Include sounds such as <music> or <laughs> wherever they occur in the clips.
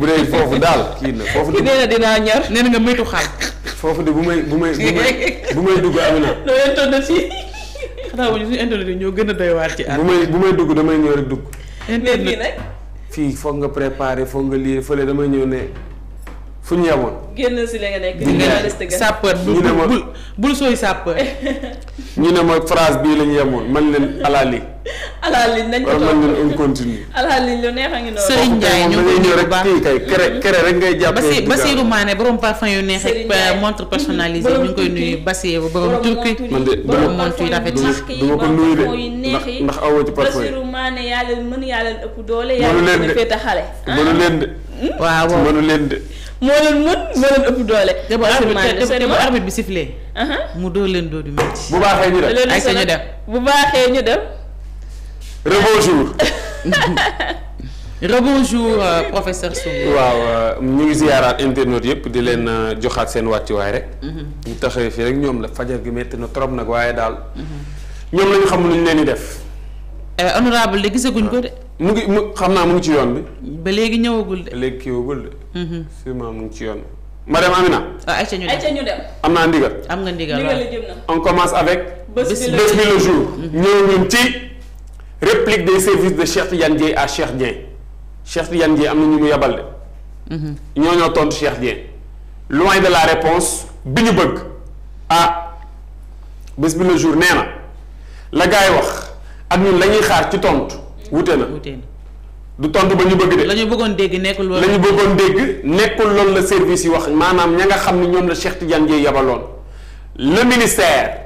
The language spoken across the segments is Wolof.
bu dee foofu daal kii na foofu. kii nee dinaa ñor nee nga moytu xal. foofu de bu may bu may bu may bu may dugg Amina. <laughs> loolu internet yi xanaa bu ñu suñu internet yi ñoo gën a doy waar ci bu may bu may dugg damay ñëw rek dugg. internet fii foog nga préparer foog nga lii fële damay ñëw ne. fu ñu yemoon. génn si la sàppar bul bul sooy sàppar. <laughs> ñu ne ma phrase bii la ñu yemoon man leen alaali. <laughs> alaali nañ ko toog man leen on <laughs> a ngi noonu. Serigne Ndiaye kii kay kere kere rek ngay jàppee. Basirou Mané borom parfum yu neex ak euh, montre personnalisé ñu ngi koy nuyu Basirou borom turki. man de borom montre rafet sax duma ko nuyu de ndax ndax awoo ci parfum yi. Basirou Mané yaa leen mën yaa leen ëpp doole. yaa leen gën a ah. leen de. waaw mënu leen de moo leen mën moo leen ëpp doole. bu arbitre bi sifflé. mu doo leen dóor du métti. bu baaxee ñu dem ay ñu dem bu baaxee ñu dem. rebonjour. <laughs> rebonjour euh, professeur Sow. waaw euh, ñu ngi ziyaaraat internet yëpp di leen euh, joxaat seen wàccuwaay rek. Mhm. ñu tax fii rek ñoom la fajar gi métti na trop nag waaye daal. Mhm. ñoom lañu xam lu ñu leen di def. honorable de gisaguñ ko de. mu ngi mu xam naa mu ngi ci yoon bi. ba léegi ñëwagul de. léegi kiiwagul de. Mhm. sûrement mu ngi ci yoon ma ah, dem Amina. waaw ayca ñu dem am naa ndigal. am nga ndiga waaw ndigal la on commence avec. bés bi le jour mhm. ñëw ñun ci réplique des services de Cheikh yan Dièye à Cheikh Dieng Cheikh yan Dièye am na ñu mu yabal de. Mhm. ñoo ñoo tontu Cheikh Dieng. loin de la réponse bi ñu bëgg ah bés bi le jour nee na la gars yi wax ak ñun la ñuy xaar ci tontu. wute na wute na du tontu ba ñu bëgg de. la ñu bëggoon dégg nekkul loolu la bëggoon dégg nekkul loolu la service yi wax maanaam ña nga xam ne ñoom la Cheikh Tidiane Dièye yabaloon le ministère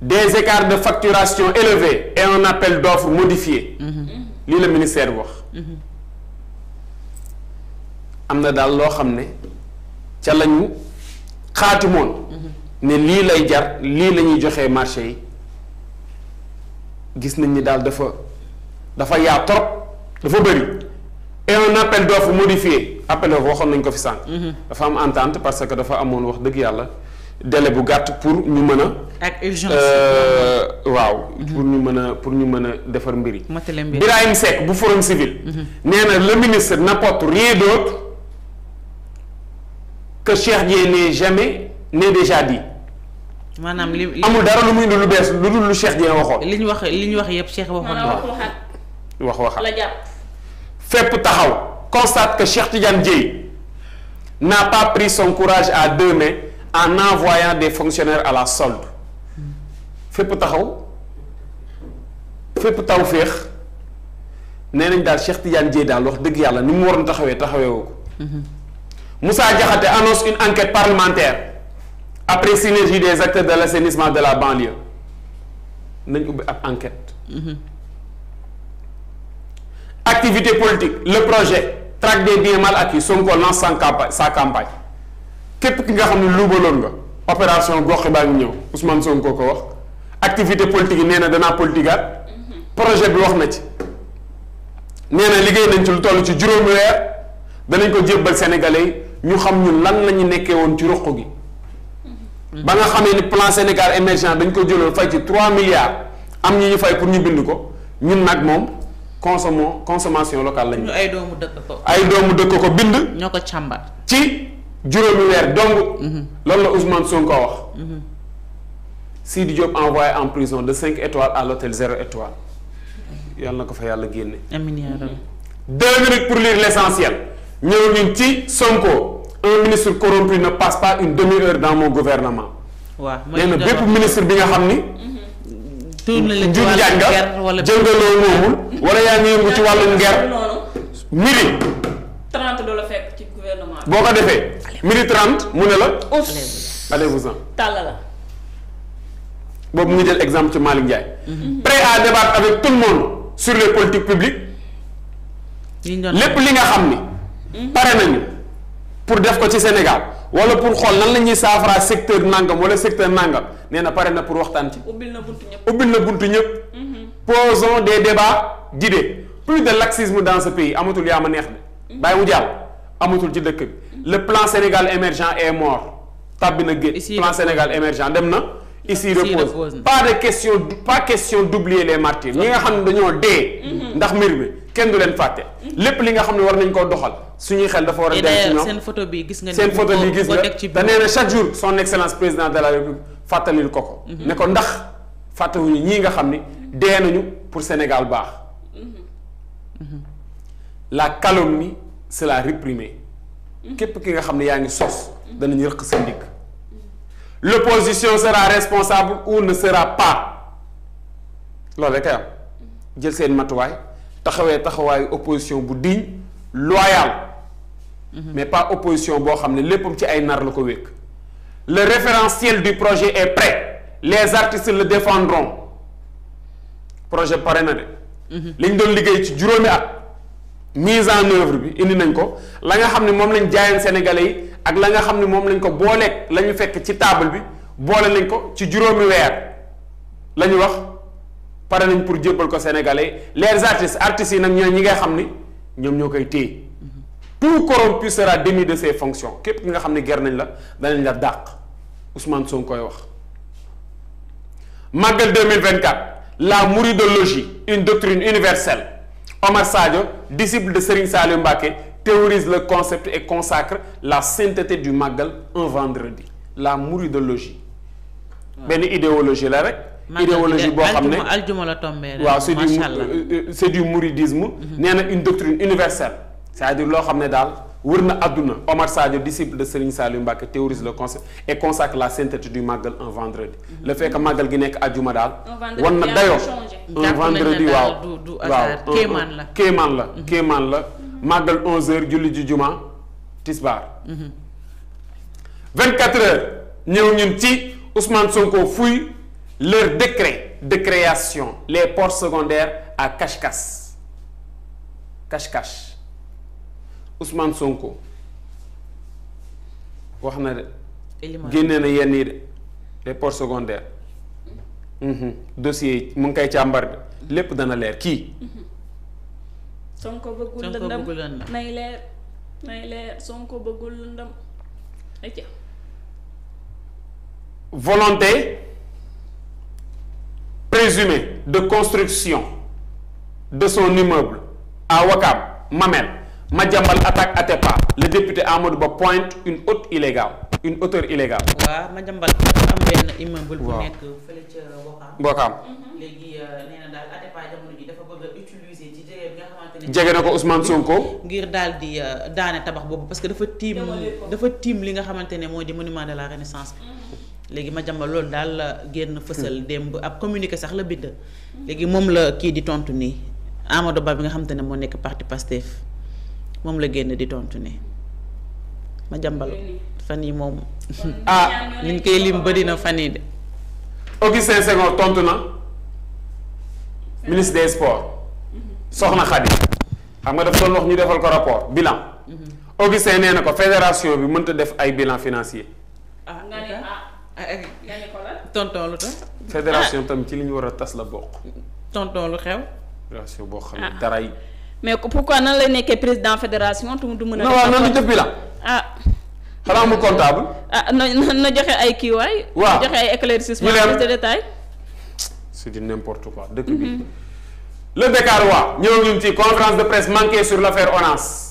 des écarts de facturation élevés et un appel d'offres modifié. Mm-hmm. lii la ministère wax. Mm-hmm. am na daal loo xam ne ca lañu xaatimoon mm-hmm. ne lii lay jar lii la ñuy joxee marché yi gis nañ ni daal dafa. dafa yaa trop dafa bëri et un appel d'offre modifié appel d'offre waxoon nañ ko fi sànq. Mhm. dafa am entente parce que dafa amoon wax dëgg yàlla délai bu gàtt pour ñu mën a. ak urgence euh, waaw. Mhm. pour ñu mën a pour ñu mën a defar mbir yi. motali mbir Birahim Seck bu Forum Civil. Mhm. nee na le ministre n'apporte rien d'autre que Cheikh Dieng n'est jamais n'est déjà dit. li amul dara lu muy indi lu bees lu dul lu Cheikh Dieng waxoon. li ñu wax li ñu wax yëpp Cheikh waxoon. wax waxal la fépp taxaw constate que Cheikh Tidiane Dièye n'a pas pris son courage à deux mains en envoyant des fonctionnaires à la solde fépp taxaw fépp taw féex nee nañ daal Cheikh Tidiane Dièye daal wax dëgg yàlla ni mu waroon taxawee taxawee woo ko mhm. Moussa Diakhaté annonce une enquête parlementaire après synergie des acteurs de la l'assainissement de la banlieue nañ ubbi ab enquête. Mhm. activité politique le projet traque des biens mal acquis Sonko lance sa campagne sa campagne képp ki nga xam ne luubaloon nga opération gox baa ngi ñëw Ousmane Sonko ko wax activité politique yi nee na danaa politikaat projet bi wax na ci nee liggéey nañ ci lu toll ci juróom weer danañ ko jébbal sénégalais ñu xam ñun lan la nekkee woon ci ruq gi. ba nga xamee ni plan Sénégal émergent dañ ko jëloon fay ci 3 milliards am ñi ñu fay pour ñu bind ko ñun nag moom. consommons consommation local lañu. ay doomu dëkk ko. ay doomu dëkk ko bind. ñoo ko càmbar. ci juróomi weer dong. Mhm. loolu la Ousmane ko wax. Mhm. Sidi Diop envoyé en prison de cinq étoiles à l'hôtel zéro étoile yàlla na ko fa yàlla génne. amiin yaa rabbi. deux minutes pour lire l'essentiel. ñëw nañ ci Sonko un ministre corrompu ne passe pas une demi-heure dans mon gouvernement. waaw bépp ministre bi nga xam ni. tuur na la moomul. wala yaa ngi yëngu ci wàllum nger. midi. 30 doo la fekk ci gouvernement boo ko defee. midi 30 mu ne la. allez-vous-en tàll boobu mu ngi jël exemple ci Malick Ndiaye. Mhm. prêt à débattre avec tout le monde sur les politiques publiques. lépp li nga xam ni. Mhm. pare nañu pour def ko ci Sénégal wala pour xool nan la ñuy saafaraa secteur nangam wala secteur nangam nee na pare na pour waxtaan ci. ubbil na buntu ñëpp ubbil na buntu ñëpp. Mhm. posons de débats d'idées plus de laxisme dans ce pays amatul yaa ma neex de baay mu jàll amatul ci dëkk bi le plan Sénégal émergent est mort tàbbi na géej plan Sénégal émergent dem na ici repose pas de question pas question d'oublier les marti ñi nga xam ne dañoo dee mhm. ndax mbir mi kenn du leen fàtte mhm. lépp li nga xam ne war nañ koo doxal suñuy xel dafa war a dem ci ñoom seen photo bi gis nga seen photo gis nga te nee na chaque jour son excellence président de la ko ko mhm. ne ko ndax ñii nga xam ni dee nañu pour Sénégal baax la calomnie c'est la réprimer képp ki nga xam ne yaa ngi sos danañu rëq sa ndigg l'opposition sera responsable ou ne sera pas loolu rek am jël seen matuwaay taxawee taxawaayu opposition bu digne loyale mais pas opposition boo xam ne léppam ci ay nar la ko wékk le référentiel du projet est prêt les artistes le défendront projet pare na de. ñu doon liggéey ci juróomi at mise en œuvre bi indi nañ ko la nga xam ne moom lañ jaayeen sénégalais yi ak la nga xam ne moom lañ ko booleeg la ñu fekk ci taable bi boole nañ ko ci juróomi weer la ñu wax pare nañ pour jébbal ko sénégalais les artistes artistes yi nag ñooy ñi ngay xam ni ñoom ñoo koy téye tout corrompu sera démis de ses fonctions képp ki nga xam ne ger nañ la danañ la dàq Ousmane Sonko koy wax màggal 2024 la mouridologie une doctrine universelle Omar saajo disciple de Serigne Saliou Mbacké théorise la concept et consacre la sainteté du Magal un vendredi la mouridologie ah. benn idéologie la rek idéologie boo xam ne aljuma la tombé waaw c'est du euh, euh, c'est du mouridisme mhm. nee na une doctrine universelle c'est-à-dire loo xam ne daal wër na àdduna Omar Sadio disciple de Serigne Saliou Mbacké théorise le concept et consacre la sainteté du màggal un vendredi. le fait que màggal gi nekk àjjuma daal. wan na dayoo un vendredi waaw waaw kéemaan la kéemaan la mm-hmm. kéemaan la màggal 11h julli ji juma tisbaar. 24h mm-hmm. ñëw ñun ci Ousmane Sonko fuy leur décret de création les ports secondaires à cache-cache cache Ousmane Sonko wax na de. génne na yenn yi de report secondaire mhm. dossier yi mu ngi koy càmbar bi lépp dana leer kii. Mhm. Sonko bëggul lëndam nay leer Sonko bëggul lëndam volonté présumée de construction de son immeuble à Ouakam Mamel ma Madiambal attaque Atepa le député Amadou Ba pointe une haute illégale une hauteur illégale. waaw Madiambal dafa am benn immeuble. nekk mm-hmm. léegi euh, nee na jege na ko Ousmane Sonko. ngir daal di euh, daane tabax boobu parce que dafa tiim dafa tiim li nga xamante ne moo di monument de la renaissance bi. Mm-hmm. léegi ma jàmbal loolu daal la génn fësal hmm. démb ab communiqué sax la bind. Mm-hmm. léegi moom la kii di tontu nii Amadou Ba bi nga xamante ne moo nekk parti Pastef. moom la génn di tontu ne ma jàmbal fan yi moom. <laughs> ah liñ koy lim bëri na fan yi de. Augustin Senghor tontu na ministre des sports mhm. soxna Khady xam nga def doon wax ñu defal ko rapport bilan. Mhm. Augustin nee na ko fédération bi mënta def ay bilan financier. ah nga ah. ah, eh, eh. tonton lu tax. fédération tamit ci li war a tas la bokk. tonton lu xew. fédération boo xam ne ah. dara yi mais pourquoi nan la nekkee président fédération tu du mën a. non waaw noonu depuis la. ah. xanaa mu comptable. ah na na joxe ay kii waay. waaw na joxe ay éclaircissement plus de détail c'est du n'importe quoi dëkk bi. le Dakarois ñëw ngi ci conférence de presse manqué sur l'affaire ONAS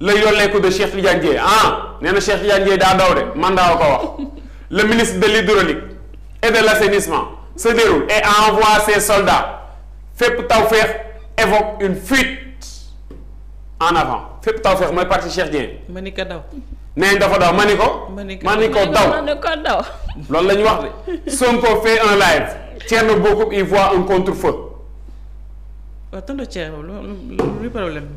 la yolleeku de Cheikh Tidiane ah nee na Cheikh daa daw de mandat ko wax le ministre de l'hydraulique et de l'assainissement se déroule et envoie ses soldats fépp taw en avant fépp tawfeex mooy parti Cheikh Dieng. ma ni ko daw. nee dafa daw ma ni ko. ma ni ma ni ko daw loolu la ñu wax de. Sonko fait un live. Thierno Bocoum il voit un contre-feu. waaw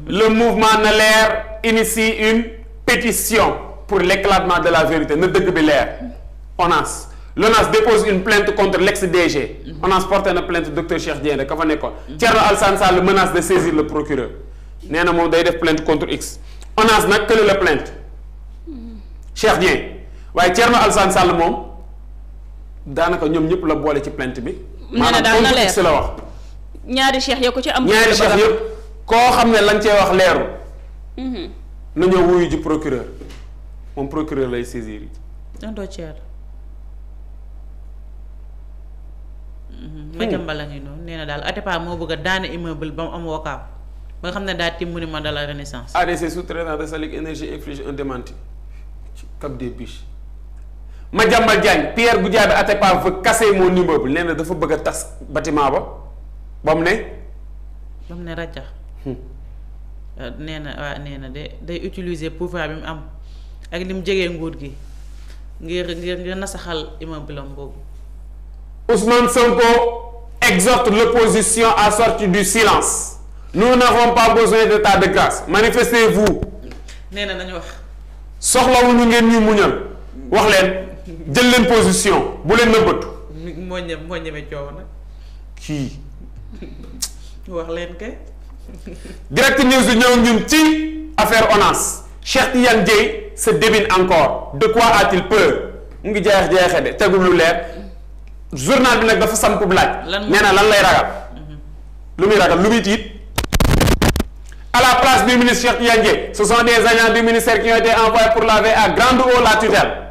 le mouvement na leer initie une pétition pour l'éclatement de la vérité na dëgg bi leer. ONAS l'ONAS dépose une plainte contre l'ex-DG. Mm-hmm. ONAS porté na plainte docteur Cheikh Dieng de ka fa nekkoon. Thierno Alassane Sall menace de saisir le procureur. nee na moom day def plainte contre X ONAS nag kële la plainte Cheikh Dieng waaye Thierno Alassane Sall moom daanaka ñoom ñëpp la boole ci plant bi. maanaam contre X la wax. ñaari cheikh ya ko ci am. ñaari cheikh yëpp koo xam ne lañ cee wax leeru mhm. na ñëw wuyu ji procureur moom procureur lay saisir. doo ci ma jàmbal la ngi noonu nee na daal Atepa moo bëgg a daane immeuble ba mu am wokaam ba nga xam ne daal di monument de la renaissance. ADC sous-traitant de Salik Énergie inflige un démenti ci Cap des Biches Madiambal Diagne Pierre Goudiaby Atepa veut casser mon immeuble nee na dafa bëgg tas bâtiment ba ba mu ne. ba mu ne rajax. Hmm. Euh, nee na waaw nee na de day utiliser pouvoir bi mu am ak li mu jegee nguur gi ngir ngir ngir nasaxal immeuble am boobu. Ousmane Sonko exhorte l'opposition à sortir du silence. nous n'avons pas besoin d'état de grâce manifestez-vous. nee na nañu wax. soxlawuñu ngeen ñuy muñal. wax leen jël leen position bu leen nëbbatu. moo moo ñeme coow nag. kii. wax leen kay. direct news bi ñëw ñun ci affaire ONAS Cheikh Tidiane Dièye se débine encore de quoi a il peur mu ngi jeex jeexe de tegul lu leer journal bi nag dafa samp laaj. nee na lan lay ragal. Mhm. lu muy ragal lu muy tiit. à la place du ministre Cheikh Yandier ce sont des agents du ministère qui ont été envoyés pour laver à grande eau la tutelle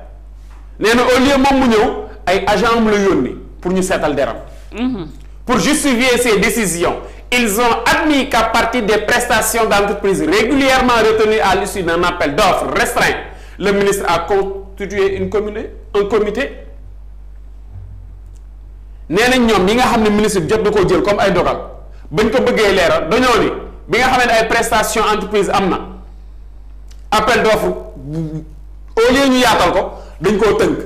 nee na au lieu moom mu ñëw ay agent mu la yónni pour ñu seetal deram mhm. pour justifier ces décisions ils ont admis qu'à partir des prestations d'entreprise régulièrement retenues à l'issue d'un appel d'offres restreint le ministre a constitué une commune un comité nee na ñoom yi nga xam ne ministre bi jot na koo jël comme ay dogal bañ ko bëggee leeral dañoo ni bi nga xamante ay prestation entreprise am na appel d'offre au lieu ñu yaatal ko dañ koo tënk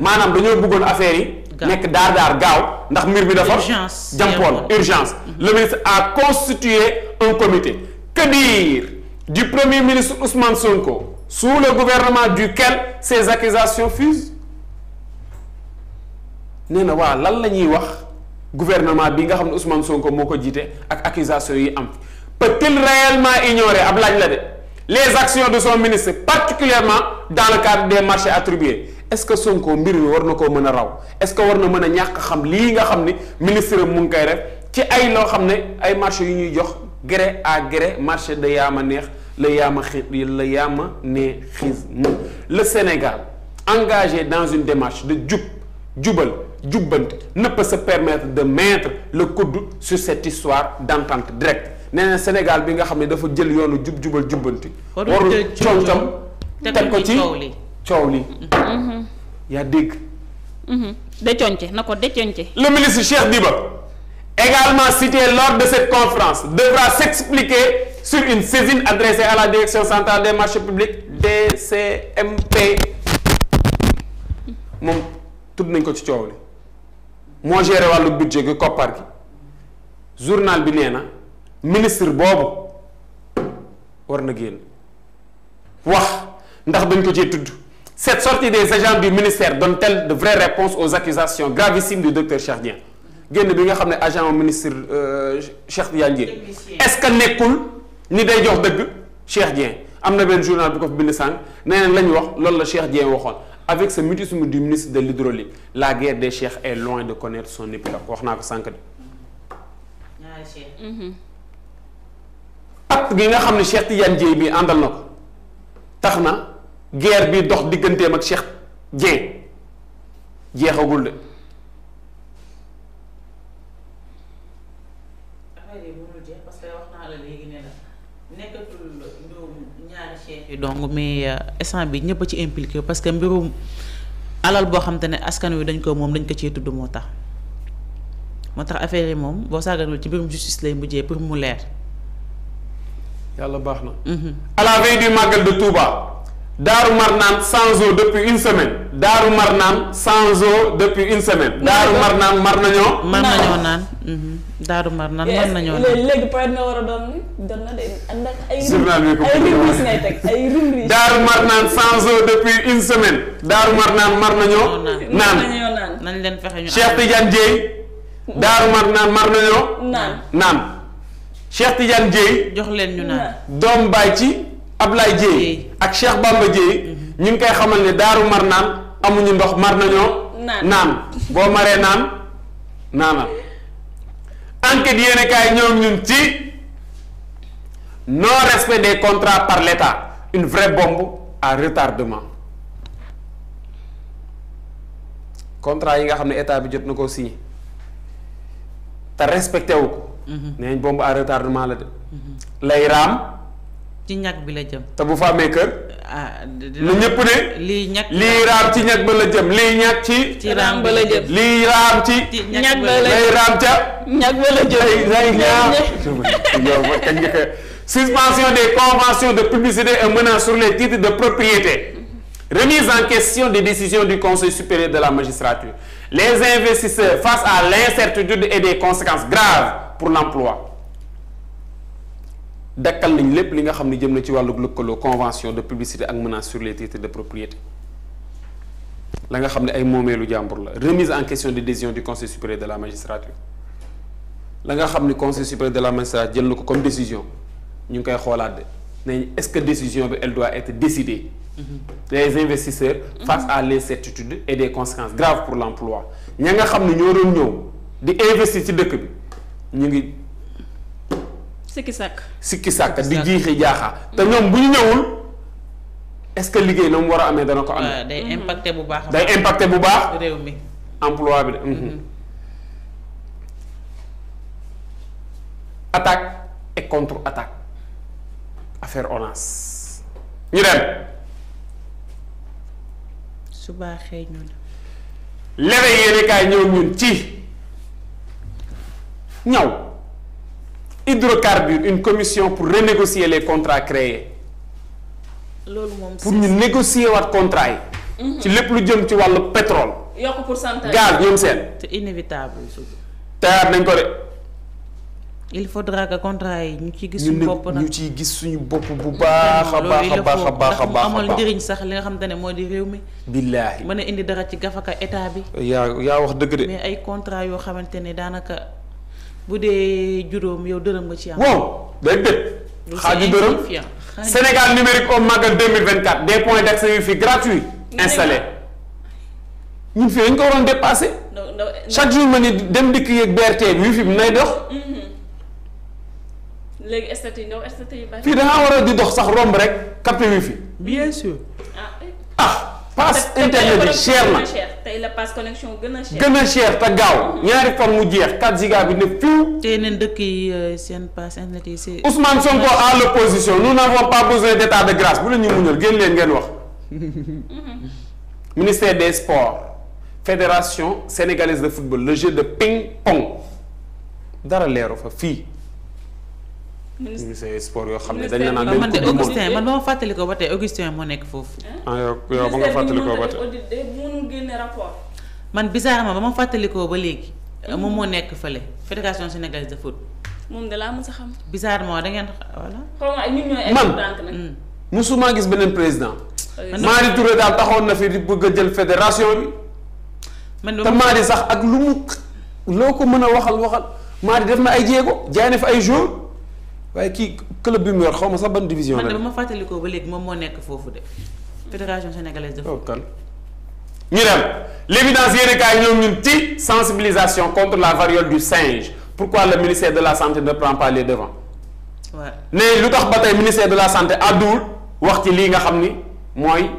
maanaam dañoo buggoon affaire yi nekk daar daar gaaw ndax mbir mi dafa jampoon urgence mhm. le ministre a constitué un comité que dire du premier ministre Ousmane Sonko sous le gouvernement duquel ces accusations fusent nee na waa lan la ñuy wax gouvernement bi nga xam ne Ousmane Sonko moo ko jiite ak accusation yi am peut-il réellement ignorer ab laaj la de les actions de son ministre particulièrement dans le cadre des marché attribués est-ce que Sonko mbir mi war na koo mën a raw est-ce que war na mën a ñàkk xam lii nga xam ni ministre mu ngi koy def ci ay loo xam ne ay marché yu ñuy jox gré à gré marché de yaam a neex la yaama xi la a ne xiis le Sénégal engagé dans une démarche de jub jubal jubbante ne peut se permettre de mettre le coude sur cette histoire d'entente directe nee na Sénégal bi nga xam ne dafa jël yoonu jub jubal jubbanti. warul coow tam teg ko ci coow li mm-hmm. yaa dégg. Mm-hmm. déconce na ko déconce. le ministre Cheikh Diba également cité lors de cette conférence devra s'expliquer sur une saisine adressée à la direction centrale marché marchés publics DCMP. moom tudd nañ ko ci coow li moo géré wàllu budget gi koppar gi journal bi nee na. ministre boobu war na génn wax ndax dañ ko cee tudd cette sortie des agents du ministère donne t de vraies réponses aux accusations gravissimes du docteur Cheikh Dieng génn bi nga xam ne agent ministre euh, Cheikh Dieng est-ce que nekkul ni day jox dëgg Cheikh Dieng am na benn journal bu ko fi bind sànq nee nañ la ñu wax loolu la Cheikh Dieng waxoon avec ce mutisme du ministre de l'hydraulique la guerre des cheikhs est loin de connaître son épilogue wax naa ko sànq de. pacte gi nga xam ne Cheikh Tidiane Dièye bi àndal na ko tax na guerre bi dox digganteem ak Cheikh Dieng jeexagul de. donc mais euh, instant bi ñëpp a ci parce que mbirum alal boo xam te ne askan wi dañ ko moom dañ ko ciy tudd moo tax moo tax affaire yi moom boo saaganul ci mbirum justice lay mujjee pour mu leer. yàlla baax na. Mhm. à la veille du màggal de Daaru Marnaan sans eau depuis une semaine Daaru Marnaan sans mhm. eau depuis une semaine. Daaru Marnaan mar nañoo. mar nañoo naan. Daaru Marnaan mar nañoo naan. léegi poète nga war a de ànd ak ay. journal bi ay Daaru mar naan nañ leen fexe ñu. Cheikh Tidiane Dieye Daaru Marnaan mar nañoo. naan. Cheikh Tidiane Dieye. jox leen ñu naan doom baay ci Ablaye Dieye. ak Cheikh Bamba Dieye. Mhm. ñu ngi koy xamal ne daaru mar naan amuñu ndox mar nañoo. naan boo maree naan naanal. enquête yéen kaay ñoom ñu ci non respect des contrats par l'État une vraie bombe à retardement. contrat yi nga xam ne état bi jot na ko signé te respecté wu ko. Mm-hmm. nee nañ bombe à retardement la de. Mm-hmm. lay raam. ci ñag bi la jëm. te bu fa amee kër. ah lu ñëpp ne. lii ñag lii raam ci ñag ba la jëm lii ñag ci. ci raam ba la jëm lii raam ci. ci ñag la jëm lay raam ca. ñag ba la jëm lay ñaar <laughs> yow ba kañ nga suspension des conventions de publicité et menace sur les titres de propriété. Mm-hmm. remise en question des décisions du Conseil supérieur de la magistrature les investisseurs face à l'incertitude e des conséquences graves pour l'emploi dakkal nañ lépp li nga xam ne jëm na ci wàllu lëkkaloo convention de publicité ak menace sur les titres de propriété la nga xam ne ay moomeelu jàmbur la remise en question de décisions du conseil supérieur de la magistrature la nga xam ni conseil supérieur de la magistrature jël na ko comme décision ñu ngi koy xoolaat de nañ est-ce que décision bi elle doit être décidée mm-hmm. les investisseurs mm-hmm. face à l'incertitude et des conséquences graves pour l'emploi ña nga xam ne ñoo doon dëkk bi ñu ngi. sikki sàkk sikki sàkk di jiixi jaaxa. te ñoom bu ñu ñëwul est-ce que liggéey na mu war a amee dana ko amee. day mhm. impacté bu baax. day impacté bu baax réew mi. emploi bi de. Mhm. Mhm. attaque et contre-attaque affaire ONAS ñu dem. su baaxee ñun. léeg-léeg yéen ñëw ñun ci. ñaw hydrocarbures une commission pour renégocier les contrats créés. loolu moom pour ñu négocier waat contrat yi. Mhm. ci lépp lu jëm ci wàllu pétrole. yokk pourcentage gaz ñoom seen. te inévitable. teyaat nañ ko de. il faudra que contrat yi ñu ciy gis suñu bopp nag ñu ciy gis suñu bopp bu baax a baax a baax a baax a baax amal njëriñ sax li nga xamante ne moo di réew mi. billaahi mën a indi dara ci gafaka état bi. yaa yaa wax dëgg de. mais ay contrat yoo xamante ne daanaka. bu dee juróom yow dërëm nga ci am. wow day dëpp. xaaju dërëm Sénégal numérique au Magal 2024 des points d'accès Wi-Fi gratuits installés. ñun fii dañ ko waroon dépassé. chaque jour ma ni dem dikk yeeg BRT bi Wi-Fi bi nay dox. Mm-hmm. léegi STT ñëw STT yi bari. fii da ngaa war a di dox sax romb rek capté wi bien sûr. ah. ah pass internet bi cher na gën a cher gën a cher te gaaw ñaari fan mu jeex 4 giga bi ne fiw. tey neen dëkk yi euh, seen pass internet yi c'est Ousmane Sonko à l'opposition nous n'avons pas besoin d'état de grâce bu la ñu muñal génn leen ngeen wax. <laughs> ministère des sports fédération sénégalaise de football le jeu de ping pong dara leeru fa fii. ministère des yoo xam ne dañ la naan man de Augustin man ba ma fàttali ko ba nekk foofu. ah yow yow man bizarrement ba ma fàttali ko ba léegi. moom moo nekk fële fédération sénégalaise de moom de laa mën xam. bizarrement da ngeen voilà. xaw ñun ñooy man hmm. gis beneen président. Mary Touré daal taxoon na fi di bëgg a jël fédération bi. man te Mary sax ak lu mu loo ko mën a waxal waxal Mary def na ay jéego jaay na fi ay jours. waaye kii club bi mu yor xaw ma sax ban division la. man de ba ma fàttalikoo ba léegi moom moo nekk foofu de fédération sénégalaise de oh, football. ñu dem l'évidence yéen kaay ñoom ñun ci sensibilisation contre la variole du singe pourquoi le ministère de la santé ne prend pas les devants. waaw ne lu tax ba ministère de la santé àdduwul wax ci lii nga xam ni mooy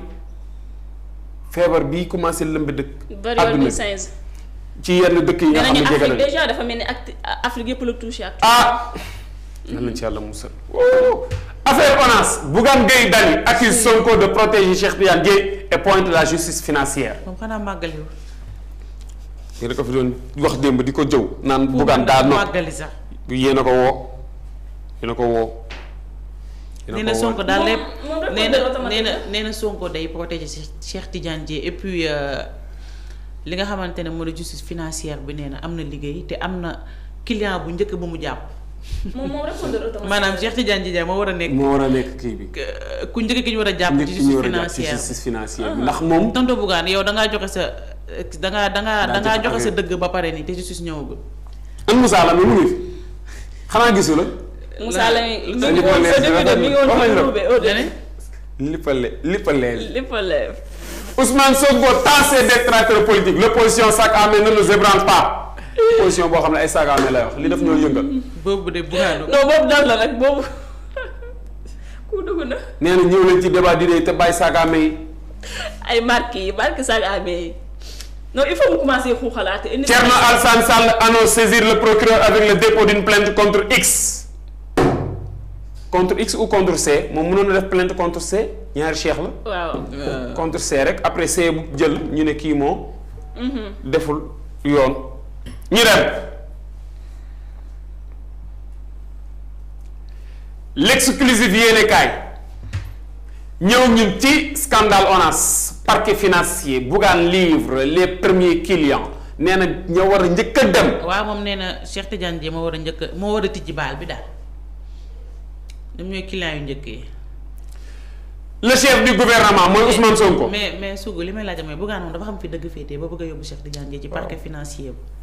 feebar bii commencé lëmb dëkk. variole ci singe. ci yenn dëkk yi nga xam ne. jege nañu déjà dafa mel ni Afrique yëpp la touché. ah. nan lañ ci yàlla musal. affaire ONAS Bougane accuse Sonko de protéger Cheikh Tidiane Dièye et pointe la justice financière. moom xanaa màggali wu. yéen da ko wax di ko jëw naan Bougane daa sax. yéen a ko woo yéen a ko woo. nee na Sonko daal lépp nee na nee na nee Sonko day protéger Cheikh tijan Dièye et puis euh, li nga xamante ne moo di justice financière bi nee na am na liggéey te am na client bu njëkk bu mu jàpp. moom moom répondeur automatique maanaam Cheikh Tidiane Dieng moo war a nekk. moo war a nekk kii bi. ku njëkk ki ñu war a jàpp. ci justice financière justice financière bi ah. ndax moom. tonton Bougane yow da ngaa joxe sa dangaa dangaa da joxe sa dëgg ba pare nii te justice ñëwagul. an Moussa Lamine mu ngi fi xanaa gisu la. Moussa Lamine mi ngi woon sa député mi ngi woon sa lippale lippale lippale. Ousmane Sonko tant ses détracteurs politiques l'opposition sac à main ne nous position boo xam ne ay saagaame lay wax li def ñoo yëngal. boobu de bugaanoo. non boobu dal la rek boobu ku dugg na. nee na ñëw leen ci débat d'idées te bàyyi saagaame yi. ay marques yi marque saagaame yi non il faut mu commencer xuuxalaate. Thierno Alassane Sall annonce saisir le procureur avec le dépôt d'une contre X. contre X ou contre C moom mënoon na def plainte contre C ñaari seex la. waaw contre C rek après C bu jël ñu ne kii moo. Mhm. deful yoon. ñu dem l'exclusive yéene kaay ñëw ñun ci scandale ONAS parquet financier Bougane livre les premiers clients nee na ñoo war a njëkk a dem. waaw moom nee na Cheikh Tidiane Dièye moo war a njëkk moo war a tijji baal bi daal ñoom ñooy clients yu njëkk yi. chef du gouvernement mooy Ousmane Sonko. mais mais Sougou li may laaj mooy Bougane moom dafa xam fi dëgg féetee ba bëgg a yóbbu Cheikh Tidiane Dièye ci parquet financier bi.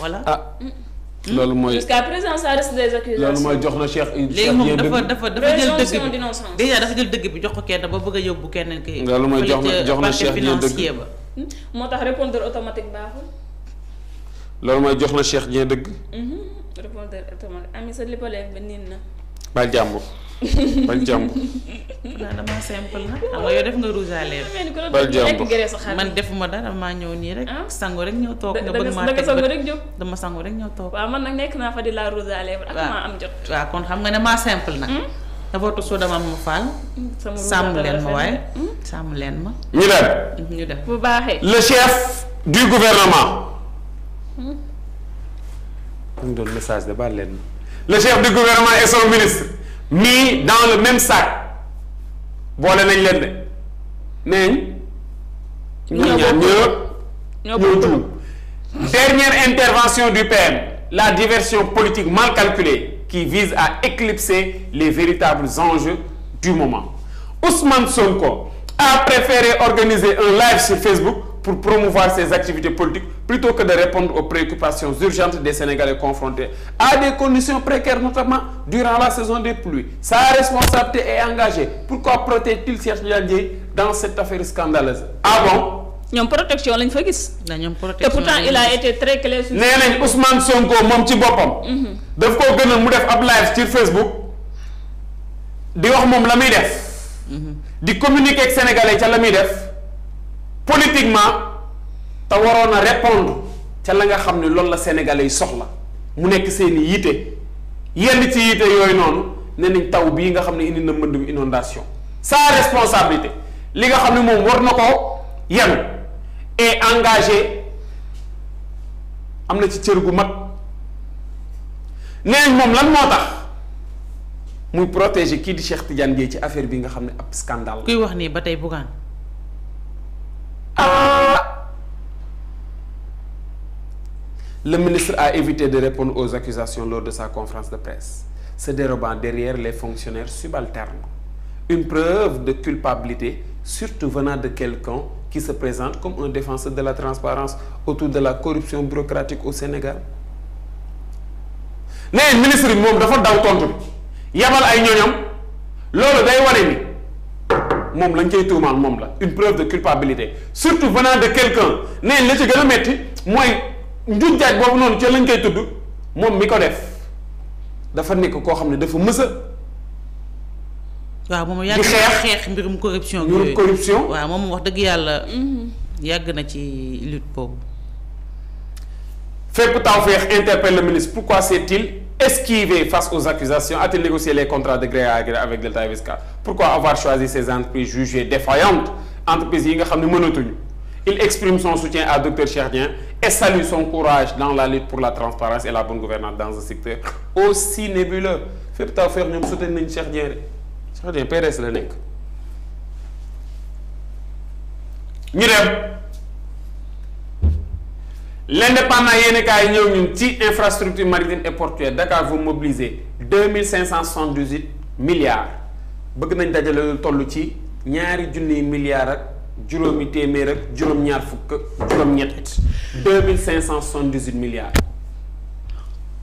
voilà ah. Hmm. loolu mooy jusqu'à présent ça reste des accusations. jox na Cheikh léegi moom dafa dafa dafa jël dëgg bi dafa dëgg bi jox ko kenn ba bëgg a yóbbu keneen loolu mooy jox na jox na Cheikh Dieng dëgg ba. Hmm? moo tax répondeur automatique baaxul. loolu mooy jox na Cheikh Dieng dëgg. Hmm? répondeur automatique ami sa lippaleef ba niin jàmbur. bal jàmb. non damaa simple na xam nga yow def nga rouge à lèvres. bal jàmb man defuma dara maa ñëw nii rek. Ah. sangu rek ñëw toog nga bëgg maa teg sangu rek jóg dama sangu rek ñëw toog. waaw man nag nekk naa fa di la rouge à lèvres ak kon xam nga ne maa simple nag. Hmm? d'abord soo dama ma faal. sàmm leen ma waaye hmm? sàmm leen ma. ñu dem ñu dem. bu baaxee le chef du gouvernement. mu hmm? ngi leen ma. chef du gouvernement et ministre. mis dans le même sac boole nañ leen de mais. ñoo ñaan ñëpp ñoo ñoo dernière intervention du PM la diversion politique mal calculée qui vise à éclipser les véritables enjeux du moment Ousmane Sonko a préféré organiser un live sur Facebook pour promouvoir ses activités politiques plutôt que de répondre aux préoccupations urgentes des Sénégalais confrontés à des conditions précaires, notamment durant la saison des pluies. Sa responsabilité est engagée. Pourquoi protège-t-il Cheikh Ndiaye dans cette affaire scandaleuse? Ah ñoom protection lañ fa gis. ñoom protection a été très clair. nee nañ Ousmane Sonko moom ci boppam. Mhm. daf koo gënal mu def ab live sur Facebook di wax moom la muy def. Mhm. di communiquer ak sénégalais ca la muy def politiquement. te waroon a répondre ca la nga xam ne loolu la sénégalais yi soxla mu nekk seen i yitte yenn ci yitte yooyu noonu ne nañ taw bii nga xam ne indi na mbënd bi inondation sa responsabilité li nga xam ne moom war na ko yenu et am na ci cër gu mat neenañ moom lan moo tax muy protéger kii di Cheikh Tidiane Dièye ci affaire bi nga xam ne ab scandale la. kuy wax nii ba tey bugaan. Ah! Le ministre a évité de répondre aux accusations lors de sa conférence de presse, se dérobant derrière les fonctionnaires subalternes. Une preuve de culpabilité, surtout venant de quelqu'un qui se présente comme un défenseur de la transparence autour de la corruption bureaucratique au Sénégal. nee ministre bi moom dafa daw tontu bi ay ñooñam loolu day wane ni moom lañ koy tuumaal moom la une preuve de culpabilité surtout venant de quelqu'un nee la ci gën mooy njuuj njaaj boobu noonu ci lañ koy tudd moom mi ko def dafa nekk koo xam ne dafa mësa waaw moom yàgg na xeex mbirum corruption mbirum corruption waa moom wax dëgg yàlla mhm. yàgg na ci lutte boobu fépp taw feex interpelle le ministre pourquoi s'est-il esquivé face aux accusations a-t-il négocié les contrats de gré à gré avec l'État et Visca pourquoi avoir choisi ces entreprises jugées défaillantes entreprises yi nga xam ne mënatuñu il exprime son soutien et salue son courage dans la lutte pour la transparence et la bonne gouvernance dans un secteur aussi nébuleux fépp taw feex ñoom soutenir nañ Cheikh Dieng de Cheikh Dieng PDS la nekk ñu dem l'indépendant yéeni kaay ñëw ñun ci infrastructure maritime et portuaire Dakar vous mobiliser deux mille cinq cent soixante-dix-huit milliards bëgg nañ dajale lu toll ci ñaari junniy milliards ak juróomi téeméer ak juróom-ñaar fukk ak juróom-ñett deux mille cinq cent soixante-dix-huit milliards.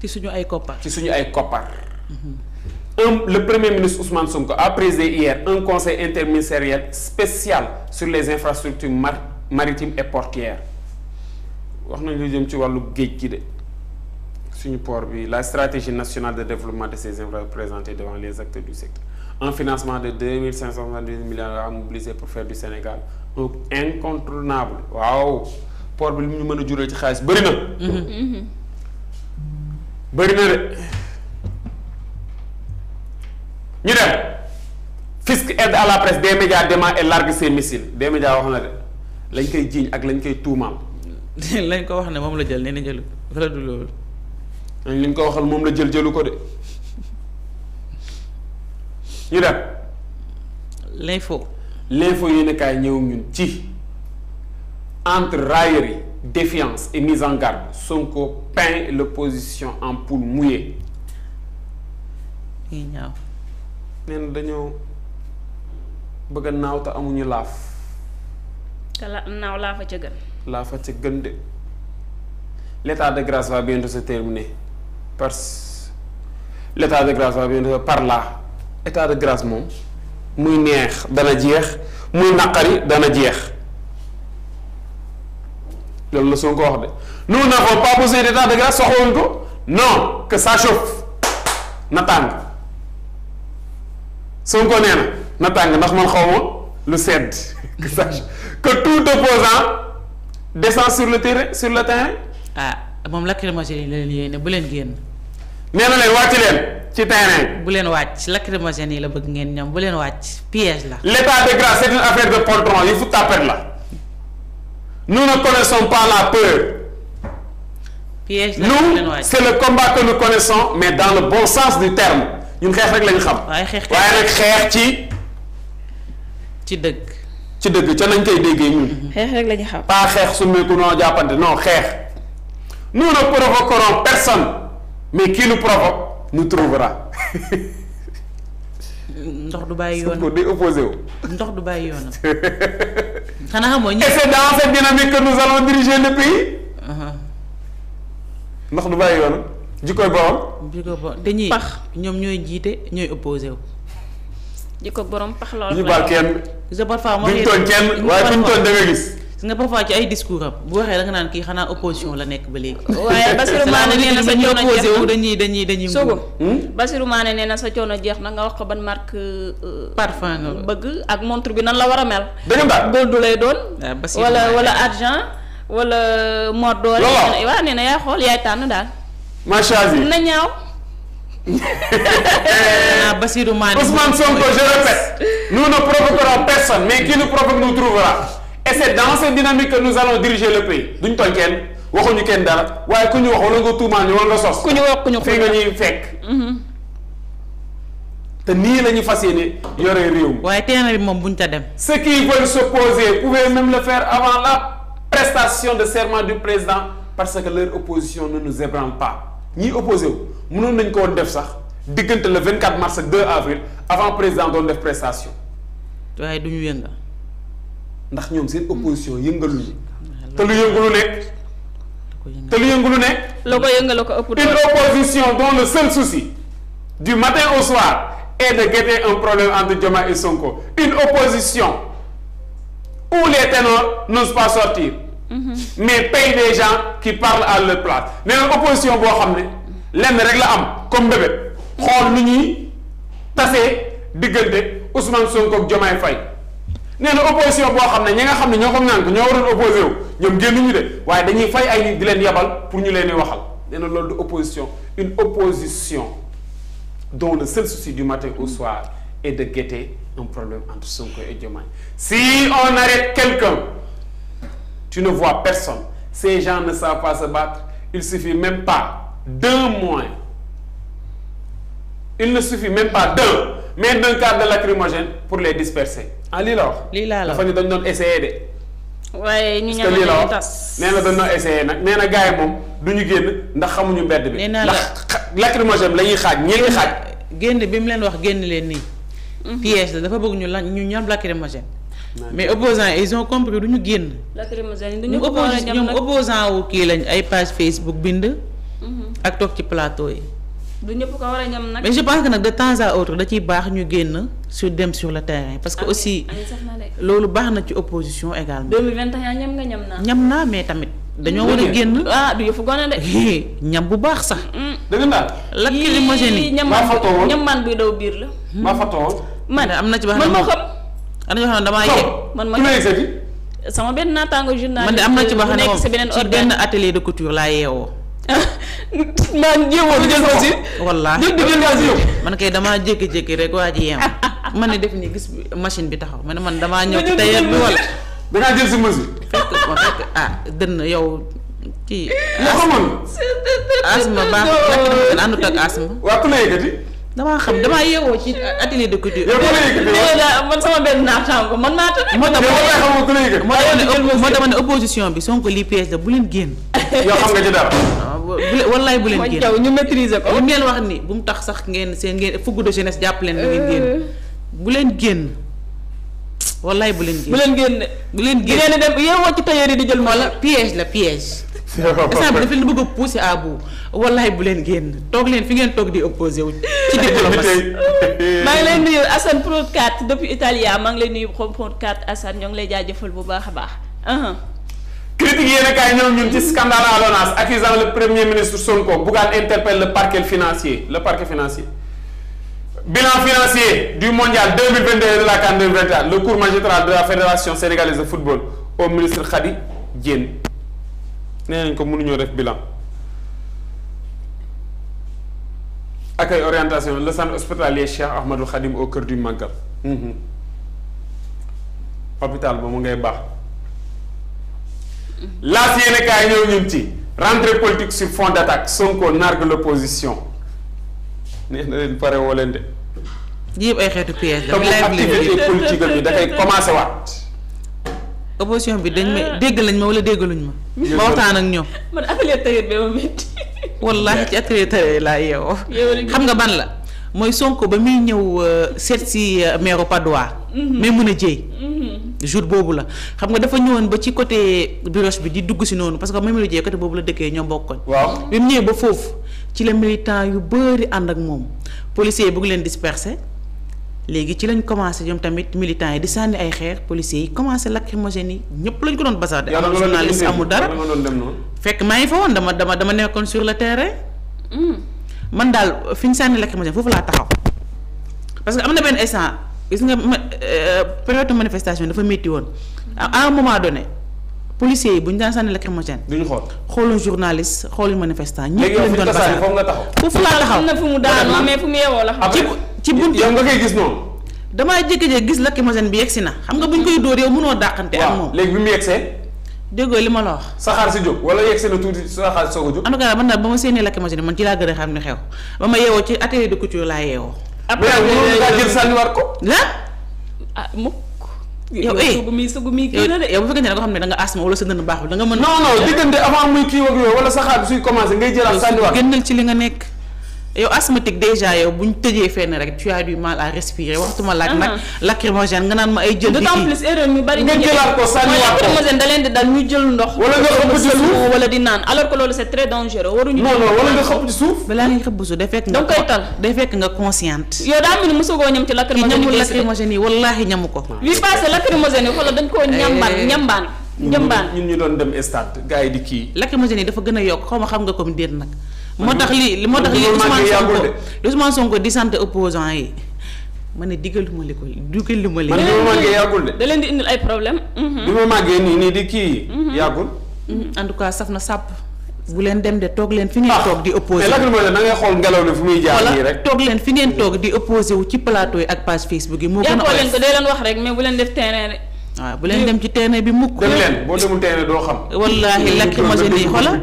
ci suñu ay koppar. ci suñu ay koppar. Mm-hmm. un le premier ministre Ousmane ko a présidé hier un conseil interministériel spécial sur les infrastructures mar maritimes et portuaires wax nañ lu jëm ci wàllu géej gi de suñu port bi la stratégie nationale de développement de ces infrastructures présentée devant les acteurs du secteur. en financement de deux mille cinq cent soixante-dix milliards à mobiliser pour faire du Sénégal un incontournable waaw port bi li ñu mën a jural ci xaalis bëri na. bëri na de ñu dem fisc aide à la presse des médias dément et largue ses missiles wax na de lañ koy jiiñ ak lañ koy tuumaal. <laughs> lañ ko wax ne moom la jël nee na jëlu wala du loolu. lañ ko waxal moom la jël jëlu ko de. ñu dem. l'info. l'info yéen a kaay ñëw ñun ci entre raillerie défiance et mise en garde Sonko peint l'opposition en poule mouillée. ñuy ñaaw. nee na dañoo bëgg naaw te amuñu laaf. te la naaw laafa ca gën. laafa ca gën de l'état de grâce va bientôt se terminer parce l'état de grâce va bientôt par là. état de grâce moom muy neex dana jeex muy naqari dana jeex loolu la Sonko wax de nous n'avons pas posé d'état de grâce soxlawuñ ko non que ça chauffe na tàng Sonko nee na ndax man xaw ma lu sedd <laughs> que ça que tout opposant descend sur le terrain sur le terrain. ah moom lacrymogène yi la leen yéene bu leen génn. nee na leen wàcc leen ci terrain bu leen wàcc lacrymogène yi la bëgg ngeen ñoom bu leen wàcc piège la. l' état de grâce c' est une affaire de poltron yi fu tapet la nous ne connaissons pas la peur. piège la bu leen wàcc nous c' est le combat que nous mais dans le bon sens du terme ñun xeex rek lañ xam. waaye xeex waaye nag xeex ci. ci dëgg. ci dëgg ca nañ koy déggee ñun. Mhm. xeex rek la xam. pas xeex su meeku noo jàppante non xeex. nous ne provoquerons personne. mais qui nous provoque nous trouvera. ndox du bàyyi yoon Sonko wu. ndox du bàyyi yoonam. xanaa xamoo ñu. et c'est dans cette dynamique que nous allons diriger le pays. Uh-huh. ndox du bàyyi yoonam jikkoy borom. jikkoy borom te ñii pax ñoom ñooy jiite ñooy opposé wu. jikko borom pax loolu. ñu baal kenn. je parfois mooy duñ tooñ kenn waaye duñ tooñ da gis. gis nga parfois ci ay discours am bu waxee da nga naan kii xanaa opposition la nekk ba léegi. <laughs> waaye Bassirou Mané nee na sa coono jeex na dañuy dañuy dañuy. soobu hmm? hmm? nee na sa coono jeex na nga wax ko ban marque. Euh, parfum nga bëgg ak montre bi nan la war a mel. beneen baat gold lay doon. Ah, wala wala argent wala mor doole. looloo waaw nee na xool yaay tànn daal. macha allah <laughs> na ñaaw. <laughs> Ah, Bassirou Mané Ousmane Sonko je personne mais qui nous provoque nous trouvera. et c'est dans cette dynamique que nous allons diriger le pays duñ tooñ kenn waxuñu kenn dara waaye ku ñu wax wala nga tuumaal ñu wala nga sos. ku ñu wax ku ñu fii nga ñuy fekk. Mm-hmm. te nii la ñu fas yéene yore réew. waaye terrain moom buñ ca dem. ceux qui veulent s'opposer pouvaient même le faire avant la prestation de serment du président parce que leur opposition ne nous ébranle pas ñiy opposé wu munoon nañ ko def sax diggante la 24 mars ak 2 avril avant président doon def prestation. waaye du ñu yëngal. ndax ñoom seen opposition hmm. yëngaluñu te lu yëngalu ne te lu yëngalu ne la ko yëngal ko ëpp une opposition dont le seul souci du matin au soir est de guetter un problème entre Diomaye et Sonko une opposition où les ténors n'osent pas sortir mm-hmm. mais paye des gens qui parlent à leur place nee na opposition boo xam ne lenn rek la am comme bébé xool nu ñuy tasee diggante Ousmane Sonko ak Diomaye Faye nee na opposition boo xam ne ñi nga xam ne ñoo ko ñànk ñoo waroon opposé wu ñoom génnuñu de waaye dañuy fay ay nit di leen yabal pour ñu leen di waxal nee na loolu du opposition une opposition dont le seul souci du matin au soir est de guetter un problème entre Sonko et Diomaye si on arrête quelqu'un tu ne vois personne ces gens ne savent pas se battre il suffit même pas d'un mois il ne suffit même pas d'un mais d'un quart de lacrymogène pour les disperser ah lii la wax. lii laa la wax dafa ni dañ doon essayer de. waaye ñu ñeme dañuy tas nee na dañ doon essayer nag nee na gars yi moom du ñu génn ndax xamuñu mbedd bi. nee naa la ndax la ñuy xaaj ñeenti xaaj. génn bi mu leen wax génn leen nii. Mhm. piège la dafa bëgg ñu lañ ñu ñam lacrymogène. mais opposants ils ont compris du ñu génn. lacrymogène du ñu ko ñoom opposant wu kii lañ ay page Facebook bind. Mhm. ak toog ci plateau yi. du ñëpp ko war a ñam nag. mais je pense que nag de temps autre da ciy baax ñu génn sur dem sur le terrain. parce que ah aussi ah loolu baax na ci opposition également. 2021 ñam nga ñam naa. ñam naa mais tamit. dañoo mm. war a génn ah du yëfu gone de. ñam bu baax sax. Mm. dëgg naa. lacrymogène yi man buy daw biir la. Hmm. maa fa tool. man am na ci wax man ma xam. am na ci wax damaa yegg. man ma sama benn naataango journal. man de am na ci wax ne moom ci benn atelier de couture laa yeewoo. naan <laughs> jéem a jël aussi. wallaahi man kay damaa jékki-jékki rek waa ji <laughs> man ne def gis machine bi taxaw ma ne man damaa ñëw ci tailleur bi wala. da ngaa jël si machine. fekk ma fekk ah dënn yow. kii asma baax <laughs> na la yëkkati. damaa man sama benn moo tax moo tax ma ne opposition bi Sonko lii piège la bu leen génn. wallaay bu leen génn caw ñu maîtriser ko. li leen wax ni bu mu tax sax ngeen seen ngeen fougue de jeunesse jàpp leen ni ngeen génn euh. bu leen génn. wallaay bu leen génn bu leen génn bu leen génn ngeen dem yéen wàcc tailleur yi di jël wala piège la piège. <laughs> instant bi dafa leen bëgg a pousser à bout bu leen génn toog leen fi ngeen toog di opposé wu ci <laughs> diplomatie <laughs> maa ngi lay nuyu Assane Pro 4 depuis Italia maa ngi lay nuyu Pro 4 Assane ñoo ngi lay jaajëfal bu baax a baax. Uh-huh. critique yéen a kaay ñëw ñun ci scandale à l'ONAS accusant le premier ministre Sonko Bougane interpelle le parquet financier le parquet financier bilan financier du mondial 2022 de la CAN 2024 le cours magistral de la fédération sénégalaise de football au ministre Khady Diène nee nañ ko mënuñoo def bilan accueil orientation la centre hospitalier Cheikh Ahmadou Khadim au cœur du Magal mhm. hôpital ba mu ngay baax laas yéen kaay ñëw ñun ci rentrée politique sur fond d'attaque Sonko nargue l'opposition nee na leen pare woo leen de. yëpp ay xeetu piège la. activité politique bi dafay commencé waat. opposition bi dañ ah. dégg lañ ma wala déggaluñ ma. ñoom. man atelier tëjee xam nga ban la. mooy Sonko ba muy ñëw euh, seet si euh, maire Patte d'Oie mhm. mais mun a jéy mhm. jour boobu la xam nga dafa ñëwoon ba ci côté bureau bi di dugg si noonu parce que même lu jee côté boobu la dëkkee ñoom bokkoon. waaw bi mu ñëwee ba foofu ci la militant yu bëri ànd ak moom policiers yi bëgg leen disperser léegi ci lañ commencé ñoom tamit militants yi di sànni ay xeer policiers yi commencé lacrymogène yi ñëpp lañ ko doon basaade. amul journaliste amul dara fekk maa ngi fa woon dama dama dama nekkoon sur le terrain. Mm. man daal fi ñu sànni lacrymogène foofu laa taxaw parce que am na benn instant gis nga euh, période de manifestation dafa métti woon à un moment donné policiers yi bu ñu daan sànni lacrymogène. duñu xool xooluñ journaliste xooluñ manifestant. ñëpp lañ doon ba foofu nga taxaw. foofu laa taxaw am na fu mu daanu mais fu mu yeewoo la. ci ci gis noonu. damaa jékki-jékki gis lacrymogène bi yegsi na xam nga buñ koy dóor yow mënoo dàqante léegi bi mu yegsee déggoo li ma la wax. saxaar si jóg wala yegg si na tuuti saxaar soog a jóg. en na cas man daal ba ma séenee lakk ma si ne man ci laa gën a xam ne xew ba ma ko. Ah, eh. la na de yow bu fekkee ne xam ne da nga asma wala sa dënn baaxul da nga mën. non non avant muy kii ak yooyu wala saxaar bi suy commencé ngay jëlaat sànniwaat. gënal ci li nga nekk. yow asthmatique déjà yow bu ñu tëjee fenn rek tu as du mal à respirer waxtuma laaj nag uh-huh. nga naan ma ay jël d'autant plus erreur ñu bari ñu jëlaat ko sànni waat ko lacrymogène da leen jël ndox wala nga xëpp suuf wala di naan alors que loolu c'est très dangereux waruñu non non wala nga xëpp ci suuf balaa nga xëpp ci suuf day fekk nga koy tal yow daa mel ni ñam ci lacrymogène yi wallaahi ñamu ko bi passé lacrymogène yi xoolal dañ koo eh. ñambaan ñambaan ñambaan ñun ñu doon dem stade gars yi di kii lacrymogène yi dafa yokk xaw ma xam nga comme déet nag moo tax li moo tax li Ousmane Sonko Ousmane Sonko di sant opposant yi ma ne digaluma li ko digaluma li. man li ma màggee leen di indil ay problème li mm-hmm. ma maggee nii nii di kii. Mm-hmm. yàggul. Mm-hmm. en tout cas saf na sàpp. bu leen dem de toog leen fi ngeen ah, toog di opposé wu mais da fu muy jaar rek toog leen fi ngeen toog di opposé wu ci plateau yi ak page Facebook yi moo gën a leen ko dee leen wax rek mais bu leen def terrain rek waaw ah, bu leen dem ci terrain bi mukk dem leen boo demul terrain doo xam wallaahi lakk machine yi xola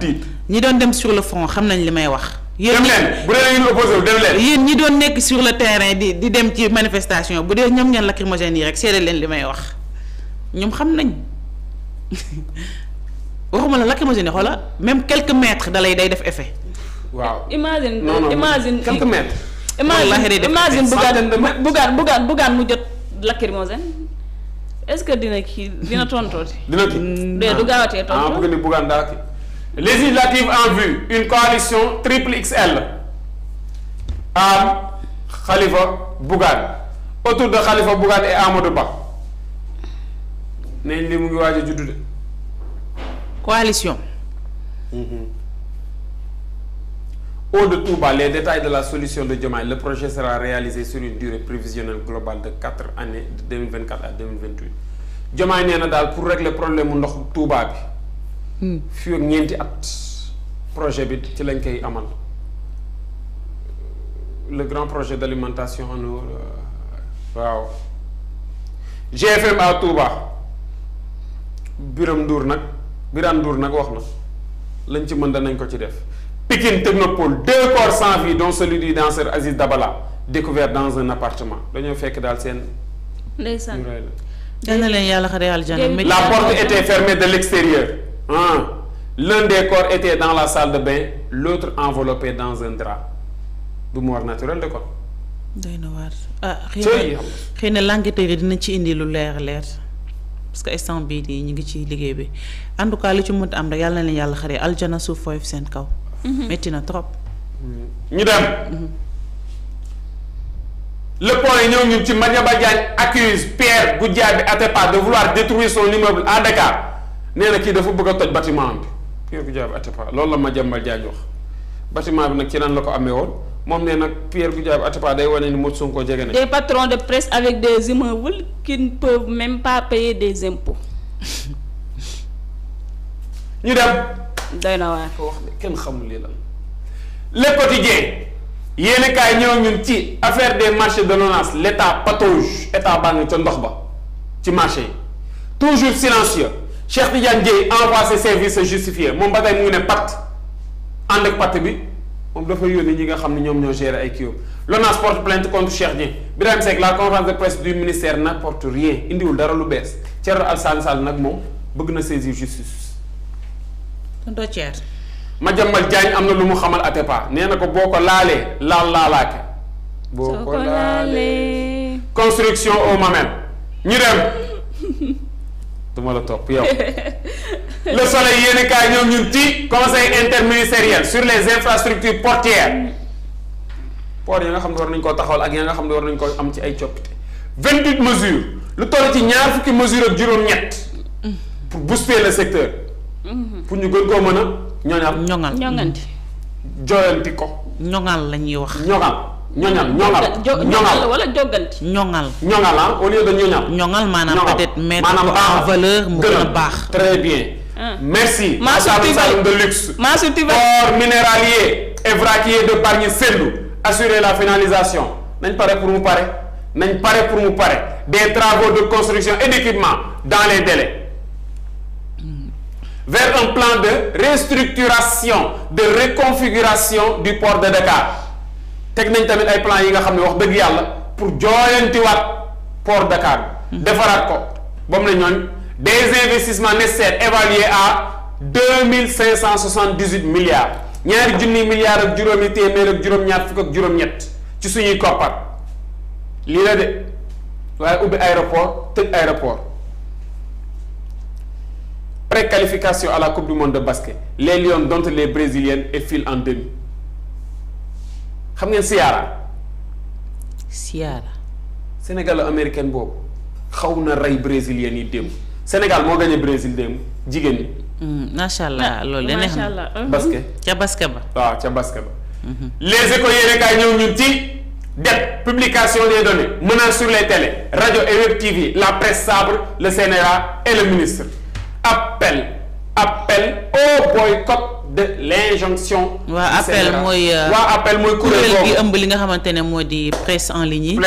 ñi doon dem sur le front xam nañ li may wax. yéen dem leen bu dee ngeen opposé dem leen. yéen ñi doon nekk sur le terrain di di dem ci manifestation bu dee ñoom ngeen lacrymogène yi rek seede leen li may wax ñoom xam nañ <laughs> waxuma la lacrymogène yi xoola même quelques mètres da day def effet. waaw imagine imagine quelques mètres. wallaahi day def imagine bugaan bugaan bugaan bugaan mu jot lacrymogène. est-ce que dina kii dina tontooti. dina kii mm, de du gaawatee ah, tontu ah bëgg législative en vue une coalition triple XL Am Khalifa Bougane autour de Khalifa Bougane et Amadou Ba nañ li mu ngi waaj a juddu de. coalition. Eau mm-hmm. de Touba les détails de la solution de Diomaye le projet sera réalisé sur une durée prévisionnelle globale de quatre années de 2024 à 2028 Diomaye nee na daal pour régler problème mu ndox Touba bi. Hmm. fii ak ñeenti at projet bi ci lañ koy amal le grand projet d'alimentation en eau euh, waaw GFM à Touba Biram nduur nag Birane Ndour nag wax na lañ ci mën danañ ko ci def Pikine Technopole deux corps sans vie dont celui du danseur Aziz Dabala découvert dans un appartement dañoo fekk daal seen. ndeysaan dana leen yàlla xare aljana. la porte était fermée de l'extérieur. Hein? L'un des corps était dans la salle de bain, l'autre enveloppé dans un drap. du mort naturel de quoi. doy na waar ah. xëy na xëy na l'enquêteur dina ci indi lu leer leer parce que instant bii nii ñu ngi ci liggéey bi en tout cas lu ci mënut am rek yàlla na leen yàlla xaree aljana suuf foofu seen kaw. métti mhm. na trop. ñu dem. Mhm. le point ñëw ñu ci Madiambal Diagne accuse Pierre Goudiaby Atepa de vouloir détruire son immeuble à Dakar. nee na kii dafa bëgg a toj bâtiment bi Pierre Goudiaby Atepa loolu la Madiambal Diagne wax bâtiment bi nag ci nan la ko amee woon moom nee nag a Goudiaby Atepa day wane ni Modou Sonko jege na. des patrons de presse avec des immeubles qui ne peuvent même pas payer des impôts. <laughs> ñu dem. doy na waar ko wax kenn xamul li lan Le Quotidien yéen kaay ñëw ñun ci affaire des marchés de l'ONAS l' état patauge état baa ngi ca ndox ba ci marché yi toujours silencieux. Cheikh Tidiane en envoie ses services justifiés moom ba tey mu ngi ne pacte ànd ak pacte bi moom dafa yónni ñi nga xam ne ñoom ñoo gérer ay kii l'ONAS porte plainte contre Cheikh Dièye Birahim Seck la conférence de presse du ministère n'apporte rien indiwul dara lu bees Thierno saal saal nag moom bëgg na saisir justice. ma Thierno. Madiambal Diagne am na lu mu xamal Atepa nee na ko boo ko laalee laal laalaake. boo ko laalee construction au Mamel ñu dem. ma la topp yow le soleil yéen kaay ñoom ñun ci conseil interministériel sur les infrastructures portières port ya nga xam ne war nañ koo taxawal ak ya nga xam ne war nañ koo am ci ay coppite vingt huit mesures lu toll ci ñaar fukki mesures ak juróom-ñett pour booster le secteur pour ñu gën koo mën a ñoñal ñoŋal jooyanti ko ñoŋal la wax ñoŋal ñoñal ñoŋal ñoŋal wala joganti ñoŋal ñoŋal ah au lieu de ñoñal ñoŋal maanaam peut-être mettre en valeur mu gën a baax très bien ah. merci Massou salon de luxe Massou Tivaouane or minéralier et vraquier de Bargny Sendou assurer la finalisation nañ pare pour mu pare nañ pare pour mu pare des travaux de construction et d'équipement dans les délais vers un plan de restructuration de reconfiguration du port de Dakar teg nañ tamit ay plan yi nga xam ne wax dëgg yàlla pour jooyantiwaat port Dakar mm-hmm. defaraat ko ba mu ne ñooñ des investissements nécessaires évalués à deux mille cinq cent soixante dix huit milliards ñaari junni milliards ak juróomi téeméer ak juróom-ñaar fukk ak juróom-ñett ci suñuy koppar lii la de waaye ubbi aéroport tëj aéroport préqualification à la coupe du monde de basket les lions domptent les brésiliennes et filent en demi xam ngeen siyaara. siyaara. sénégalo américain boobu xaw na rey brésilien yi démb Sénégal moo gagné Brésil démb jigéen ñi. Hmm, macha allah ah, loolu dana xam macha allah. Uh-huh. basket ca basket ba. waaw ah, ca basket ba. Hmm. les éco yéene kaay ñëw ñun ci. def publication des données menaces sur les télés radio et web la presse sabre le CNRA et le ministre appel. appel au boycott euh, waa appel mooy. waa mooy kuréel gi ëmb li nga xamante ne moo di presse en ligne yi.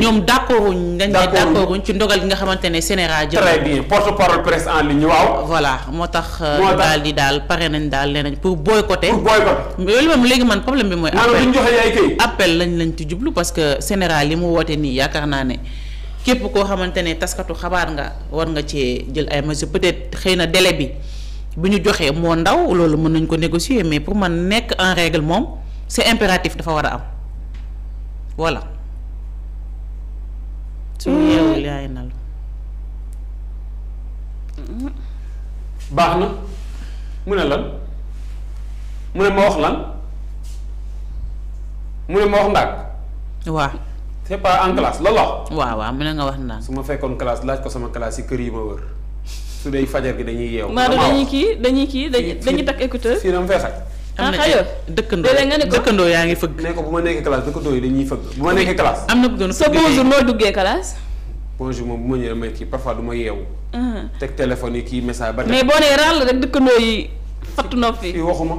ñoom d' accord wuñ. d' ci ndogal gi nga xamante ne Sénégal. jël très bien porte parole presse waaw. voilà euh, moo tax. daal di daal pare nañ daal nee nañ pour boycotter. pour boycotter loolu moom léegi man problème bi mooy. appel lañ lañ ci jublu parce que Sénégal li mu woote nii yaakaar naa ne. képp koo xamante ne taskatu xabaar nga war nga cee jël ay mesures peut-être xëy na délai bi. bi ñu joxee moo ndaw loolu mën nañ ko négocier mais pour man nekk en règle moom c'est impératif dafa war a am voilà. su yeewul yaay nal baax na mu ne lan mu ne ma wax lan mu ne ma wax ndànk. waaw. c'est pas en classe la wax. waaw waaw mu ne nga wax ndànk. su ma fekkoon classe laaj ko sama classe yi kër yi ma wër. su dee fajar gi dañuy yeewu. maa dañuy kii dañuy kii dañuy dañuy takk écouteur. fii fee sax. am na ci ah, ah, dëkkandoo dëkkandoo yaa ngi fëgg. ne ko bu ma nekkee classe dëkkandoo yi dañuy fëgg. bu ma nekkee classe. am na ku doon fëgg sa bonjour noo duggee classe. bonjour moom bu ma ñëwee damay kii parfois du ma yeewu. Ah. teg téléphone yi kii message ba. mais boo nee ràll rek dëkkandoo yi fattu noppi. fii waxuma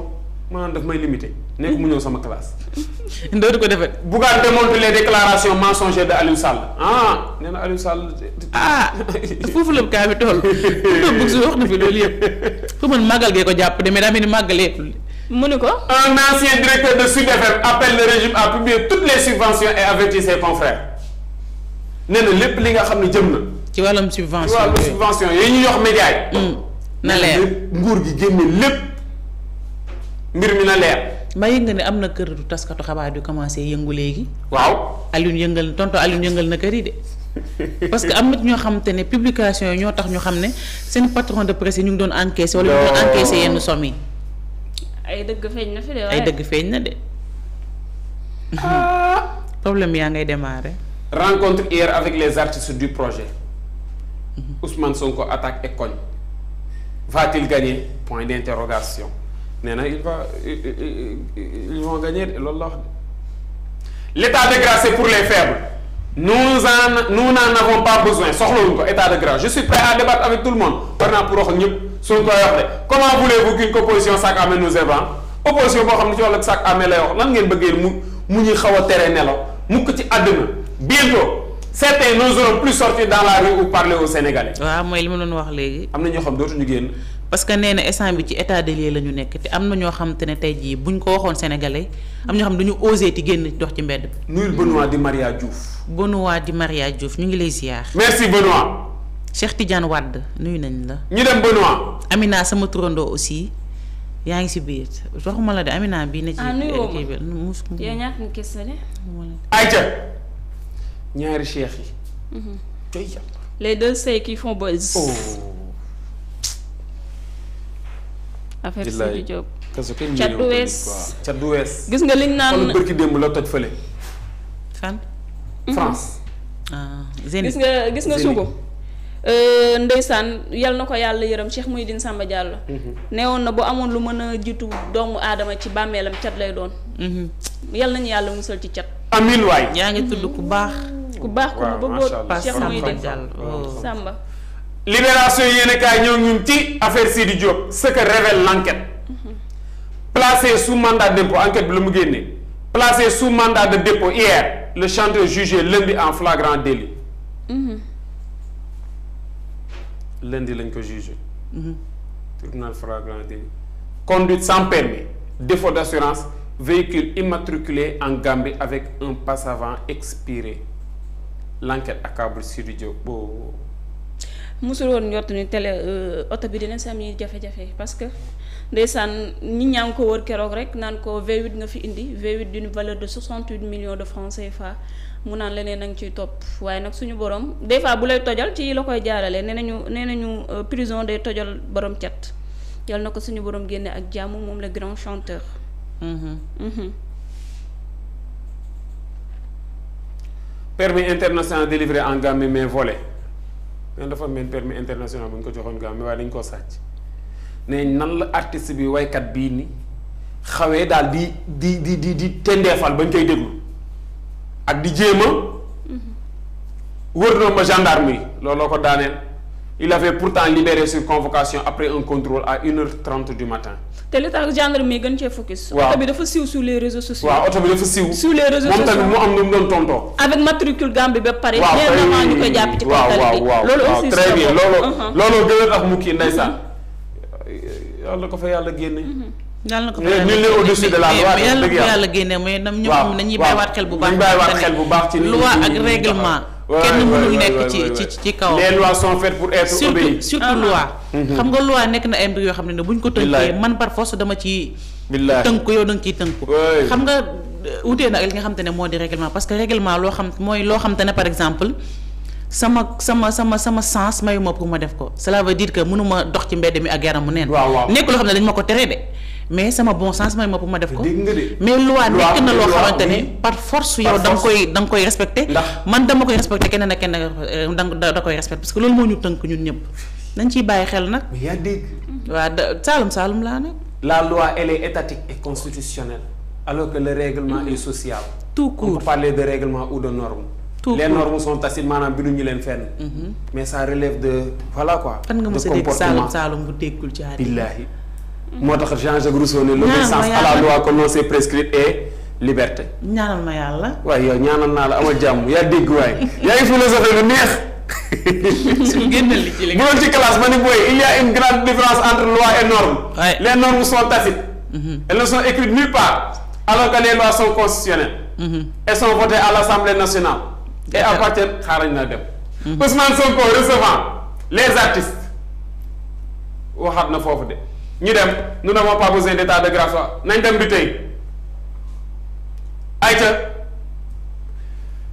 maanaam daf may limité. nekk mu ñëw sama classe. <laughs> dootu ko defee. Bougane démontre les déclarations mensongères de Aliou Sall ah nee na Aliou Sall. ah foofu la bi toll. loolu bëgg wax na fi loolu yëpp fu man màggal gee ko jàpp de mais daa mel ni màggalee. mu ne ko. un ancien directeur de Sud FM appelle le régime à publier toutes les subventions et avertit ses confrères nee na lépp li nga xam ne jëm na. ci wàllum subvention ci wàllum subvention yooyu ñu jox média yi. Mm, na leer nguur gi génne lépp mbir mi na leer. ma yëg nga ne am na kër du taskatu xabaar yu commencé yëngu léegi. waaw Alioune yëngal tonton Alioune yëngal na kër yi de. <laughs> parce que am na ñoo xamante ne publication yi ñoo tax ñu xam ne seen patron de presse yi ñu ngi doon encaissé wala ñu ngi doon encaissé yenn somme yi. ay dëgg feeñ na fi de ay dëgg feeñ na de. Ah. <laughs> problème yaa ngay démarrer. rencontre hier avec les artistes du projet. Ousmane Sonko attaque et cogne. Va-t-il gagner? Point d'interrogation. nee na il va ils vont loolu la wax de grâce c'est pour les faibles nous en nous n'en avons pas besoin soxlawuñu ko état de grâce je suis prêt à débattre avec tout le monde war naa pour wax ak ñëpp suñu koy wax de comment voulez-vous qu'une opposition sac à main nous évente opposition boo xam ne ci wàllu sac à main lay wax lan ngeen bëggee mu mu ñuy xaw a tere nelaw mukk ci àdduna bientôt certains n'oseront plus sortir dans la rue ou parler wax léegi. am na ñoo dootuñu génn. parce que nee na instant bi ci état de lieu la ñu nekk te am na ñoo xam te ne tey jii buñ ko waxoon sénégalais am ñoo xam duñu osé ti génn dox ci mbedd bi. nuyul Benoît Di Maria Diouf. Benoît Di Maria Diouf ñu ngi lay ziar. merci Benoît. Cheikh Tidiane Wade nuyu nañ la. ñu dem Benoît. Amina sama turandoo aussi yaa ngi si biir waxuma la de Amina bii. ne ci ah, kii bi ah ayca ñaari affaire Sidi Diop cat du wees cat du wees gis nga liñ naan bërki démb la toj fële fan France ah, gis nga gis nga sugu euh, ndeysaan yal na ko yàlla yërëm Cheikh Mouhidine Samba Diallo mhm. neewoon na bu amoon lu mën a jiitu doomu aadama ci bàmmeelam cat lay doon mhm. yal nañu yàlla musal ci cat amiin waay yaa ngi tudd ku baax ku baax ku mu bëggoon Cheikh Mouhidine Samba libération yéen kaay ñëw ñun ci affaire Sidi Diop ce que révèle l'enquête placé sous mandat dépôt enquête bi la mu génne placé sous mandat de dépôt hier le chante jugé lundi en flagrant délit lundi lañ ko jugé tribunal flagrant délit conduite sans permis défaut d'assurance véhicule immatriculé en Gambie avec un passe-avant expiré l'enquête accable Sidi Diop bo mosul woon njott ni télé euh, oto bi dina si am yi jafe-jafe parce que ndeysaan ñi ñaa ngi ko wër keroog rek naan ko V8 nga fi indi V8 d'une valeur de 68 millions de francs CFA mu naan leneen a ngi ciy topp waaye nag suñu borom des fois bu lay tojal ci la koy jaarale nee nañu nee nañu euh, prison day tojal boroom cat yal na ko suñu boroom génne ak jàmm moom le grand chanteur. Mm-hmm. Mm-hmm. permis international délivré en Gambie mais volé. mais dafa am benn permis international bu ñu ko joxoon gaa mais waaye dañ koo sàcc ne nan la artiste bi waykat bii ni xawee daal di di di di di tendeefal bañ koy déglu ak di jéema mhm. wër na ma gendarme yi looloo ko daaneel il avait pourtant libéré sur convocation après un contrôle à une heure trente du matin. te li tax gendarme yi gën cee focus. waaw oto bi dafa siiw sur les réseaux sociaux. waaw oto bi dafa siiw. sur les réseaux sociaux moom tamit mu am lu mu doon tontoo. avec matricule Gambie ba pare. loolu aussi très bien loolu. a yàlla ko fa yàlla génne. yàlla ko fayal de la loi yàlla na ko yàlla génne mais ñoom ñoom nañuy bàyyiwaat xel bu baax. nañu bàyyiwaat xel bu baax ci loi ak règlement. kenn mënul nekk ci ci ci kawam. les lois sont faites pour surtout surtout ah, ah. xam nga loi nekk na ay yoo xam ne ne bu ñu ko tënkee man par force dama ci tënku yow da nga ciy tënku xam nga euh, wutee na ak li nga xam te ne moo di règlement parce que réglement loo xam mooy loo xam te ne par exemple sama sama sama sama sens mayuma pour ma def ko cela veut dire que mënuma dox ci mbedd mi ak mu neen nekk loo xam ne dañ ma ko tere de mais sama bon sens mooy ma pour ma def ko. mais loi nekk na loo xamante ne par force yow da nga koy da nga koy respecté. man dama koy respecté keneen ak keneen euh, da da koy respecté parce que loolu moo ñu tënk ñun ñëpp nañ ciy bàyyi xel nag. mais yaa saalum saalum laa ne la loi elle étatique et constitutionnelle alors que le règlement est social. tout court on peut parler de règlement ou de norme. les normes sont maanaam bi duñu leen fenn. Mhm. mais ça relève de voilà quoi. de comportement fan nga mos a dégg saalum saalum bu déggul ci àll. billaahi. moo tax Jean-Jacques Rousseau ne l'obéissance à la loi comme on et liberté. ñaanal ma yàlla. waaye yow ñaanal naa la amal jàmm yaa dégg waay yaa ngi philosophe lu neex. génnal li ci li <laughs> bu doon ci ma ni booy il y a une grande différence entre loi et norme. les normes sont tacites. Mhm. elles ne sont écrites nulle part. alors que les lois sont constitutionnelles. Mhm. elles sont votées à l'Assemblée nationale. et appartiennent xaaral na dem. Mhm. Ousmane Sonko recevant les artistes waxaat na foofu de. ñu dem nous n'avons pas besoin d'état de grâce wa nañ dem bi tey ayca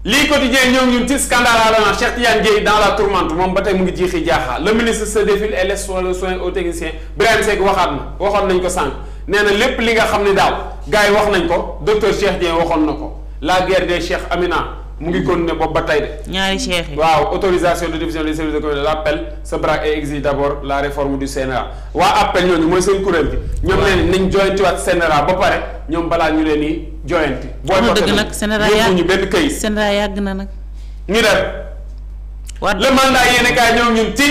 lii quotidien ñoom ñun ci scandale à la Cheikh Tidiane Dièye dans la tourmente moom ba tey mu ngi jiixi jaaxaa le ministre se défile et laisse le soin aux techniciens Birahim Seck waxaat na waxoon nañ ko sànq nee na lépp li nga xam ne daal gars yi wax nañ ko docteur Cheikh Dièye waxoon na ko laa guerre des Cheikh Amina mu ngi continuer boobu ba tey de. ñaari cheikh yi waaw autorisation de diffusion des services de communes de l'appel se braque et exige d' abord la réforme du CNRA waa appel ñooñu mooy seen kuréel bi. ñoom leen nañ joyantiwaat CNRA ba pare ñoom balaa ñu leen di joyanti. booy ko dëgg nag CNRA yàgg na nag. ñu def. le mandat yéen a kaay ñoom ñun ci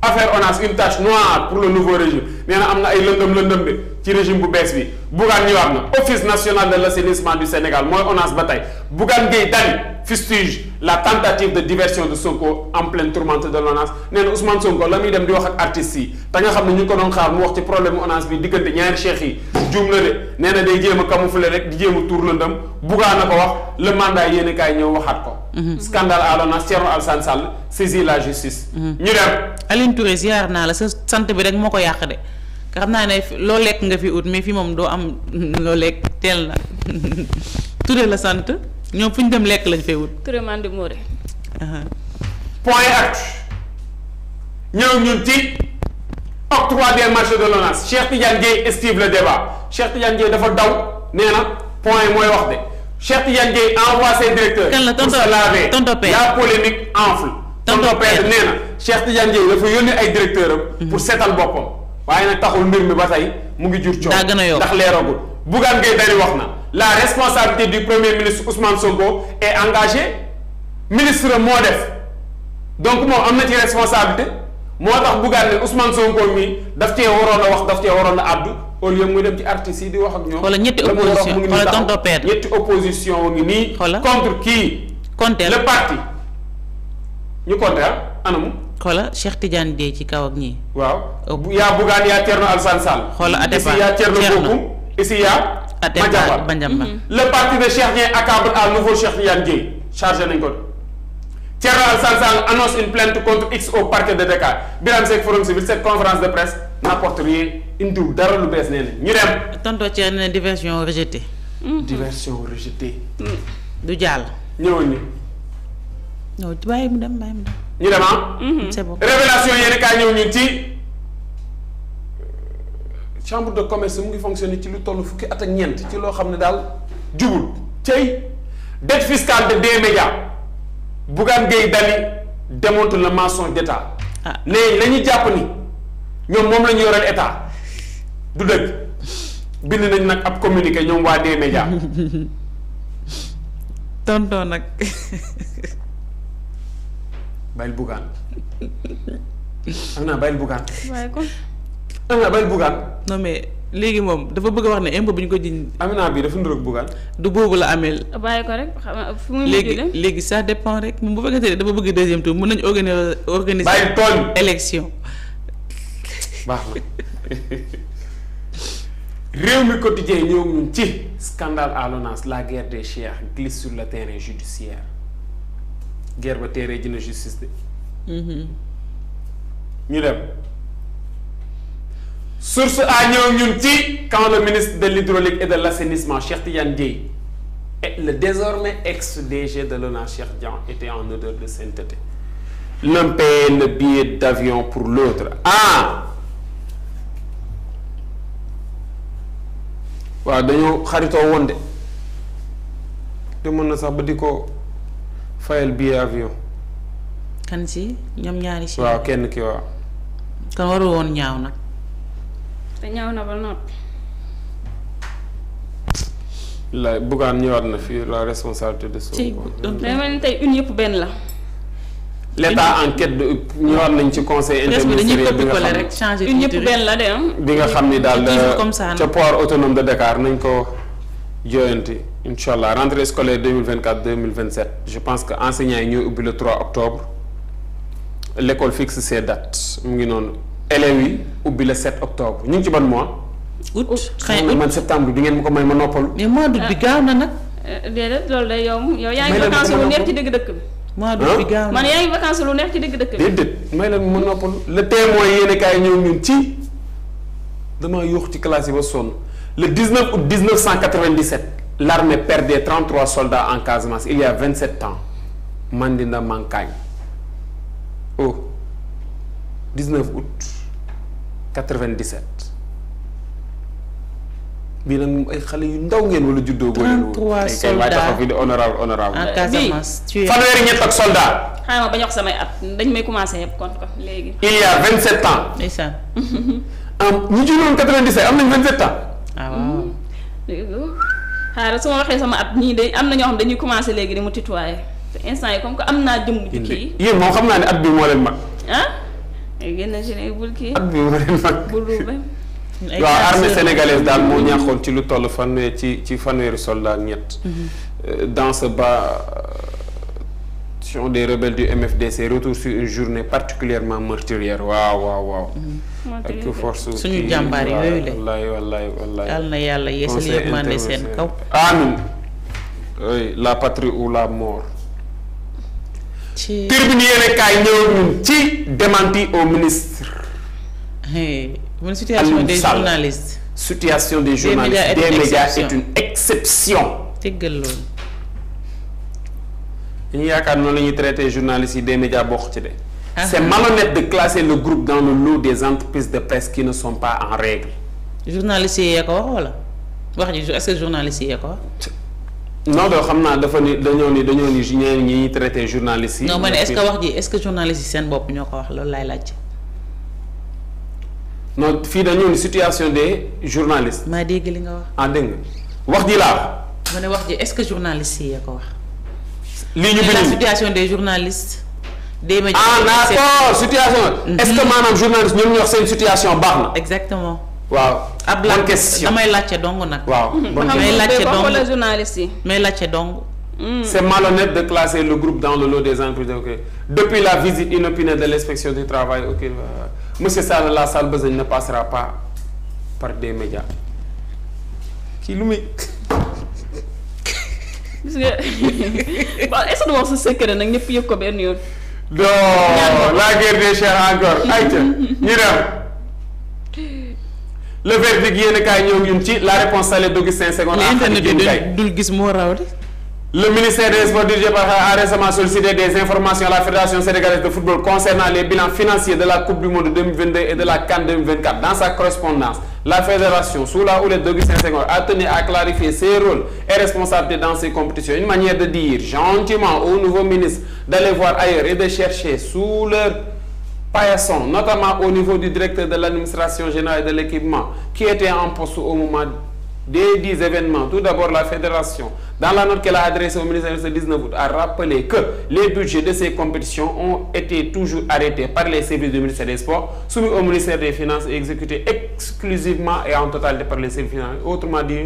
affaire ONAS une tâche noire pour le nouveau régime. nee na am na ay lëndëm lëndëm de ci régime bu bees bi Bougane ñëwaat na office national de l'assainissement du Sénégal mooy ONAS ba tey Bougane Gueye Dany fustige la tentative de diversion de Sonko en pleine tourmente de l'ONAS nee na Sonko la muy dem di wax ak artistes yi te xam ne ñu ko doon xaar mu wax ci problème mu bi diggante ñaari cheikh yi juum na de nee na day jéem a camoufler rek di jéem a tuur lëndam buggaa na ko wax le mandat yéen kaay ñëw waxaat ko. Mhm. scandale à l'ONAS Thierno Alassane Sall saisit la justice. Mhm. ñu dem. Aline Touré naa la sa sant bi rek moo ko yàq de. nga xam naa ne loo lekk nga fi ut mais fi moom doo am loo lekk teel na <laughs> Touré ñoom fu ñu dem lekk lañ fay wut. Touré Mande Moore. Uh-huh. point actu ñëw ñun ci octroi des marchés de l'ONAS Cheikh Tidiane Dièye esquive le débat Cheikh Tidiane Dièye dafa daw nee na point mooy wax de Cheikh Tidiane Dièye envoie ses directeurs. kan la la polémique enfle. tonton Père nee na Cheikh Tidiane dafa yónnee ay directeurs am. Mm-hmm. pour setal boppam waaye nag taxul mbir mi ba tey mu ngi jur coow. daa gën a yokk ndax leeragul Bougane Gueye Dany wax na. la responsabilité du premier ministre Ousmane Sonko est engagée ministre moo def donc moom am na ci responsabilité moo tax buggaan ne Ousmane Sonko mi daf cee waroon a wax daf cee waroon a àddu au lieu muy dem ci artistes yi di wax ak ñoom. wala ñetti opposition wala tonton Père ñetti opposition ngi nii. contre kii. contre le parti. ñu contre ah, anamu. xoola Cheikh Tidiane Dieye ci kaw ak ñii. waaw yaa buggaan yaa Thierno Alassane Sall. xoola Atepa ici yaa Thierno Bocoum ici yaa. Madiambal le parti de Cheikh Ndiaye accable à nouveau Cheikh Tidiane Dièye chargé nañ ko Thierno Alassane Sall annonce une plainte contre X au parquet de Dakar Birame Seck Forum Civil cette conférence de presse n'apporte rien indiw dara lu bees nee ñu dem. tonton Thierno diversion rejetée. Mhm. diversion rejetée. Mhm. du jàll. ñëwoon ni. non bàyyi mu dem bàyyi mu dem. ñu dem ah. Mhm. c'est bon révélation yéen a ñëw ñu ci. chambre de commerce mu ngi fonctionné ci lu toll fukki at ak ñeent ci loo xam ne daal jubul cey dette fiscale de D-Médias Bougane Gueye Dany démontre le mensonge d'État ah. ne la jàpp ni ñoom moom la ñu yoreel état du dëgg bind nañ nag ab communiqué ñoom waa D-Médias <laughs> tonton nag bàyyil Bougane am naa bàyyil Bougane ah bàyyi Bougane. mais léegi moom dafa bëgg wax ne impôt bi ñu ko jiñ. Amina bi dafa nduroog Bougane. du boobu la ameel. bàyyi ko fu léegi léegi ça dépend rek moom bu fekkente ne dafa bëgg deuxième tour mun nañu organiser. organiser bàyyi baax na réew mi quotidien ñëw ñun ci scandale à la guerre des chefs glisse sur le terrain judiciaire guerre ba terrain dina justice de. Mhm. ñu dem. source a ñëw ñun ci quand le ministre de l'hydraulique et de la Cheikh Tidiane Dièye et le désormais ex-DG de l'ONAS Cheikh Dieng était en odeur de sainteté l'un payait le billet d'avion pour l'autre ah waaw dañoo xaritoo woon de te mën na sax ba di ko fayal billet avion kan si ñoom ñaari si waaw kenn ki waaw kan warul woon ñaaw nag te ñaaw na ba noppi. la Bougane ñëwaat na fii la responsabilité de. Sonko vraiment ni tey une yëpp benn la. l'état en quête de ñëwaat nañ ci conseil interministériel bi nga xam ne une yëpp benn la de bi nga xam ni daal euh, ca port autonome de Dakar nañ ko jooyanti incha allah rentrée scolaire deux mille vingt quatre deux mille vingt sept je pense que enseignants yi ñooy ubbi le 3 octobre l'école fixe ses dates mu ngi noonu. élèves yi ubbi le 7 octobre ñu ngi ci ban mois. août xëy man septembre bi ngeen ma ko may ma noppalu. mais mois d'août bi ah. gaaw na nag. Eh, déedéet loolu day yomb yow yaa ngi vacances lu neex ci dëgg dëkk bi. mois d'août bi gaaw man yaa ngi vacances lu neex ci dëgg dëkk bi. déedéet may leen ma noppalu le témoin yéen kaay ñëw ñun ci damaa yuux ci classe yi ba sonn le 19 août 1997 l'armée perdait 33 soldats en Casamance il y a 27 ans Mandina Mankagne oh 19 août. 97. bii nag moom ay xale yu ndaw ngeen wala juddoo. 33 soldats ay taxaw fi di honorable honorable. en Casamance tu es fanweeri ñett ak soldat. xaaral ma bañ wax samay at dañ may commencé yëpp kon ko léegi. il y a 27 ans. ndeysaan. <laughs> ñu juddoon 97 am nañ 27 ans. ah waaw. xaaral su ma waxee sama at ñii de am na ñoo xam dañuy commencé léegi di mu tutoyer te instant yi comme que am naa jëmm. kii yéen moom xam naa ne at bi moo leen mag. ah. ay génn si ne bul kii. bul ruube. daal moo ñaaxoon ci lu toll fanweer ci ci fanweeri soldat ñett. Mhm. Euh, dans ce bas. Euh, sion des rebelles du MFDC retour sur une journée particulièrement meurtrière waaw waaw waaw. Mhm. suñu jàmbaar yooyu la wallaay wallaay wallaay. yal na yàlla yeesal yërmande seen kaw. amiin. la patrie la mort. ci tribune yéen kaay ñëw ñun ci démenti au ministre. mooy situation des journalistes situation des journalistes des médias est une exception tëggal loolu. dañuy yaakaar noonu la ñuy traité journalistes yi des média bokk ci de. Ah. c'est malhonnête de classer le groupe dans le lot des entreprises de presse qui ne sont pas en règle. journalistes yi yee ko wax wala wax ji est-ce que journalistes yi ko wax. non non xam naa dafa ni dañoo ni dañoo ni ñeneen ñi ñuy traité non ma ne est-ce que wax ji est-ce que journaliste yi seen bopp ñoo ko wax loolu laay laaj. non fii dañoo ni situation des journalistes. maa dégg li nga wax. ah dégg nga wax ji laa. ma ne wax ji est-ce que journaliste yi yaa ko wax. lii ñu des journalistes. des médias ah d'accord situation. Mhm. est-ce que maanaam journaliste ñu wax seen situation baax exactement. waaw bonne question damay laajte dong nag. waaw bonne question may laajte dong. Mm. c'est malhonnête de classer le groupe dans le lo des entreprises ok depuis la visite inopinée de l'inspection du travail ok euh, monsieur Sall la sale besogne ne passera pas par des médias. kii lu muy. gis nga <laughs> bon est-ce que nag ñëpp yëg ko benn yoon. non la guerre des chers encore ayca ñu dem. le verdict yéen a kaay ñëw ñun ci la réponse salée d'Augustin Senghor internet bi dul gis moo rawati le a sollicité des informations la fédération sénégalaise de football concernant les bilans financiers de la coupe du monde 2022 de la CAN dans sa correspondance la fédération sous la houlette d'Augustin a tenu à clarifier ses rôles et responsabilités dans ces compétitions une manière de dire gentiment au nouveau ministre d'aller voir ailleurs et de chercher sous leur paillasson notamment au niveau du directeur de l'administration générale et de l'équipement qui était en poste au moment des dix événements tout d'abord la fédération dans la note qu'elle a adressée au ministère le 19 août a rappelé que les budgets de ces compétitions ont été toujours arrêtés par les services du ministère des Sports soumis au ministère des Finances et exécutés exclusivement et en totalité par les services financiers autrement dit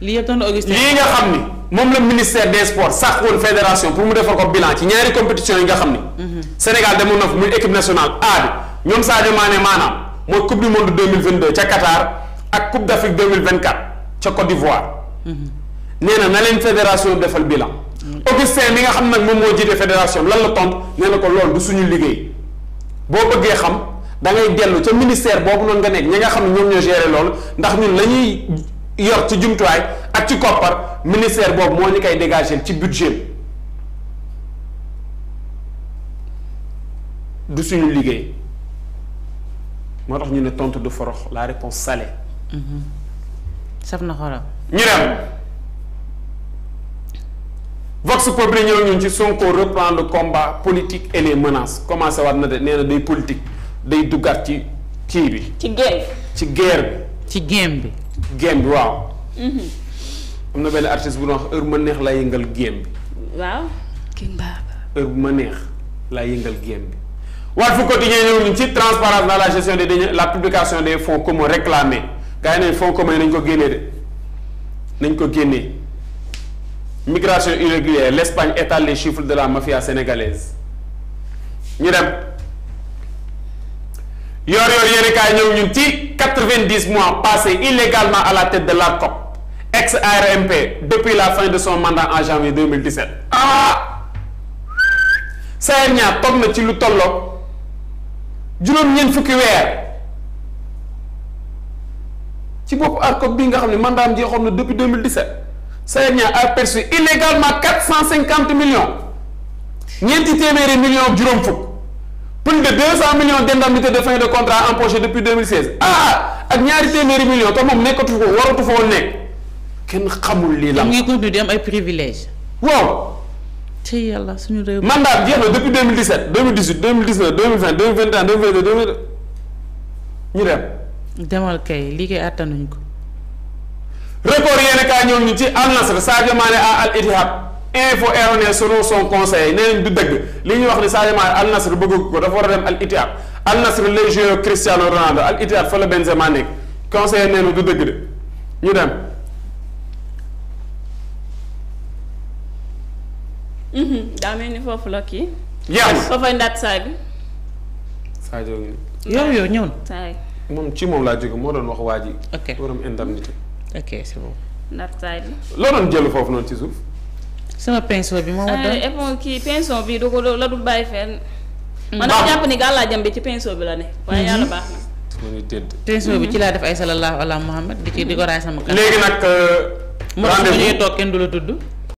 lii yëpp nga xam ni moom la ministère des sports sàq woon fédération pour mu defar ko bilan ci ñaari compétition yi nga xam ni. Mhm. Sénégal demoon na fa muy équipe nationale A bi ñoom Sadio Mané maanaam mooy coupe du monde deux mille vingt deux ca Qatar ak coupe d' Afrique deux mille vingt quatre ca Côte d'Ivoire. Mhm. nee na na leen fédération defal bilan. Mhm. Augustin mi nga xam nag moom moo jiite fédération lan la tontu nee na ko lool du suñu liggéey boo bëggee xam da ngay dellu ca ministère boobu noonu nga nekk ñi nga xam ne ñoom ñoo géré loolu ndax ñun la yor ci jumtuwaay ak ci koppar ministère boobu moo ñu koy dégager ci budget du suñu liggéey moo tax ñu ne tontu du forox la réponse salée. Mm-hmm. saf na xorom. ñu dem Vox Populi ñëw ñun ci Sonko reprendre combat politique et les menaces commencé waat na de nee na day politique day duggaat ci kii bi. ci guerre ci guerre bi. ci game game bi waaw. Mhm. am na benn artiste bu ñu wax heure bu ma neex laa yëngal game bi. waaw. heure bu ma neex laa yëngal game bi. Walf Quotidien ñëw nañ ci transparence dans la gestion des deniers la publication des fonds communs réclamés gars yi ne fonds communs nañ ko génnee de nañ ko génne migration irrégulière l'Espagne étale les chiffres de la mafia sénégalaise ñu dem. yor yor yéen kaay ñëw ñun ci quatre-vingt-dix mois passés illégalement à la tête de l'ARCOP ex ARMP depuis la fin de son mandat en janvier 2017 ah Sayer Niang toog na ci lu tolloog juróom-ñeent fukki weer ci boppu ARCOP bii nga xam ne mandat am jeexoon na depuis 2017 Sayer Niang a perçu illégalement quatre cent cinquante millions ñeenti téeméeri millions juróom fukk plus de deux cent millions d'indemnités de fin de contrat empochées depuis 2016 ah, ah, ah ak ñaari téeméeri millions te moom nekkatu fa waratu fa woon nekk kenn xamul lii la. ngi continuer di am ay privilèges. waaw. ci yàlla su réew. mandat jeex na depuis 2017 2018 2019 2020 2021 ñu dem. demal kay liggéey attanuñ ko. record yenn kaa ñëw ñu ci Al Nassr Sadio Mané à Al Ittihad. info erronée selon son conseil nee du dëgg li ñuy wax ni Sadio Mané Al Nassr bëgg ko dafa war a dem Al Ittihad Al Nassr lay joué Ronaldo Al Ittihad fa la Benzema nekk conseil nee du dëgg de ñu dem. Mhm. daa ni foofu la kii. yaa foofa ndaat Sadio. Sadio ngi. yow yow ñëw na. moom ci moom laa jóge moo doon wax waa ji. ok waram indemnité. ok c'est bon. ndaat Sadio. loo doon jël foofu noonu ci suuf. sama pinceau bi moo waral ah kii pinceau bi du ko la du bàyyi fenn. man dafa jàpp ni gàllaajam bi ci pinceau bi la ne. waaye yàlla baax na. mu bi ci laa def ay sallallahu ala muhammad di ci di ko raay sama kanam. léegi nag. rendez-vous mu ñuy toog kenn du la tudd.